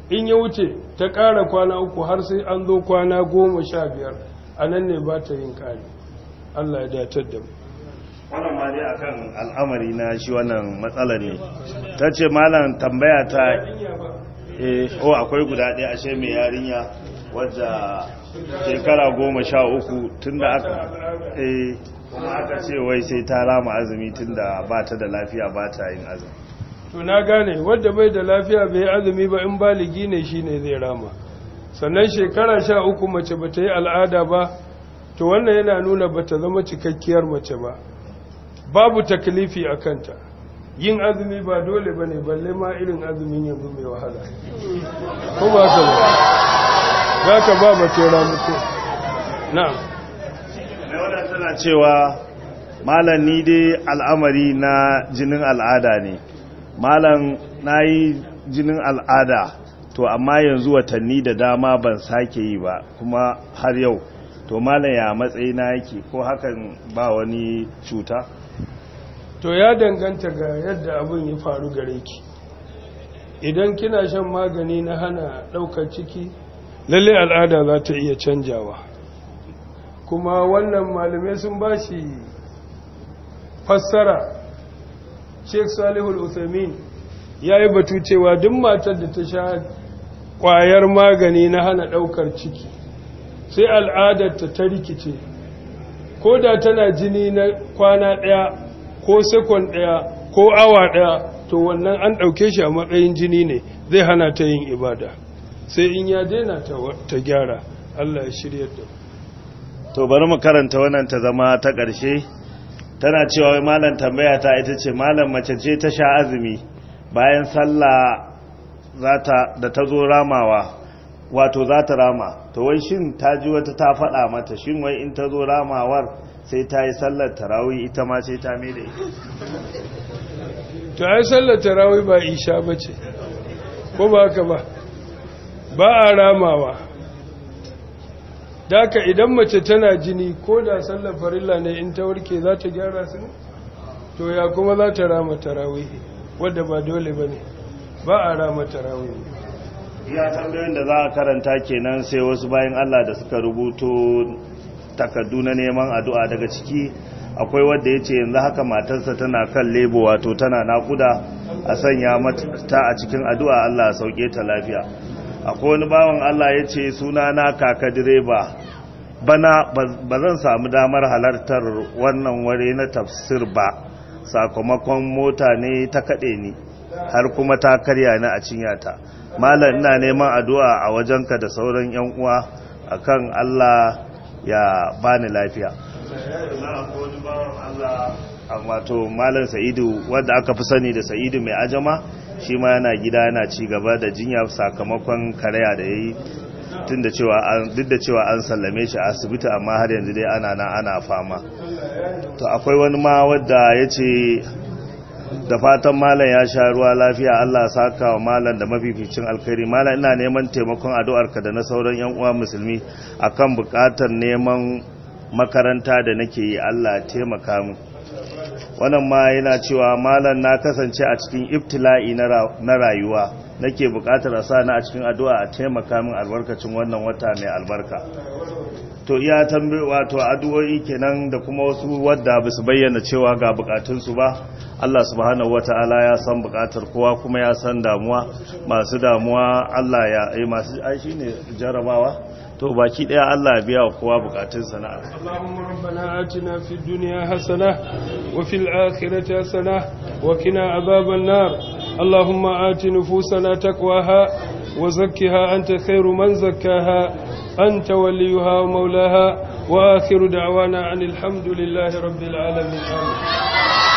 in ya wuce ta ƙara kwana uku har sai an zo kwana goma sha biyar a nan ne ba ta yin ƙari allah ya datar da mu wannan ma dai akan al'amari na shi wannan matsala ne ta ce malam tambaya ta eh o oh, akwai guda ɗaya ashe mai yarinya wadda shekara goma sha uku tun da aka eh kuma aka ce wai sai ta rama azumi tun da ba ta da lafiya ba ta yin azumi to na gane wadda bai da lafiya bai azumi ba in baligi ne shi ne zai rama sannan shekara sha uku mace ba ta yi al'ada ba to wannan yana nuna ba ta zama cikakkiyar mace ba babu takalifi a kanta yin azumi ba dole ba ne balle ma irin azumin yanzu mai wahala kuma ka ba za ka ba mace na'am cewa malam ni dai al'amari na jinin al'ada ne malam na yi jinin al'ada to amma yanzu watanni da dama ban sake yi ba kuma har yau to malam ya matsayi na yake ko hakan ba wani cuta to ya danganta ga yadda abin ya faru gare ki idan kina shan magani na hana ɗaukar ciki lalle al'ada za ta iya canjawa kuma wannan malamai sun ba shi fassara sheik salihul uthamin ya yi batu cewa duk matar da ta sha kwayar magani na hana ɗaukar ciki sai al'adarta ta rikice ko da tana jini na kwana ɗaya ko sekon ɗaya ko awa ɗaya to wannan an ɗauke shi a matsayin jini ne zai hana ta yin ibada sai in ya daina ta gyara allah ya shirya da to bari mu karanta wannan ta zama ta ƙarshe tana cewa wai malam tambaya ta ita ce malam mace ce ta sha azumi bayan sallah ta da ta zo ramawa wato za ta rama to wai shin ta ji wata ta faɗa mata shin wai in ta zo ramawar sai ta yi sallar tarawih ita ma sai ta mai da ita to ai sallar tarawih ba isha ba ce ko ba ka ba ba a ramawa daka idan mace tana jini ko da sallar farilla ne in ta warke za ta gyara su ne to ya kuma za ta rama tarawai, wadda ba dole ba ne ba a rama tarawihi ya tambayoyin da za a karanta kenan sai wasu bayan allah da suka rubuto takardu na neman addu'a daga ciki akwai wadda ya ce yanzu haka matarsa tana kan lebo wato tana nakuda a sanya mata a cikin addu'a allah sauke ta lafiya akwai wani bawan Allah ya ce suna na kaka direba bana ba zan samu damar halartar wannan ware na tafsir ba sakamakon mota ne ta kaɗe ni har kuma ta karya ni a cinyata malam ina neman addu'a a wajenka da sauran yan uwa akan Allah ya bani lafiya wato malam sa'idu wanda aka fi sani da sa'idu mai ajama shi ma yana gida yana ci gaba da jinya sakamakon karaya da yayi yi duk da cewa an sallame shi a asibiti amma har yanzu dai ana nan ana fama to akwai wani ma wadda ya ce da fatan malam ya sha ruwa lafiya Allah saka wa malam da mafificin alkhairi malam ina neman taimakon addu'arka da na sauran yan uwa musulmi akan bukatar neman makaranta da nake yi Allah taimaka min wannan ma yana cewa malam na kasance a cikin ibtila'i na rayuwa nake bukatar a sani a cikin addu'a a taimaka min albarkacin wannan wata mai albarka to iya tambayi wato addu'o'i kenan da kuma wasu wadda ba su bayyana cewa ga su ba Allah subhanahu wata'ala ya san bukatar kowa kuma ya san damuwa masu damuwa Allah ya ai eh, masu ai shine jarabawa to baki daya Allah ya biya kowa bukatun sana'a Allahumma rabbana atina fid dunya hasana wa fil akhirati hasana wa qina azaban nar Allahumma ati nufusana taqwaha wa zakkiha anta khairu man zakkaha anta waliyuha wa mawlaha wa akhiru da'wana anil hamdulillahi rabbil alamin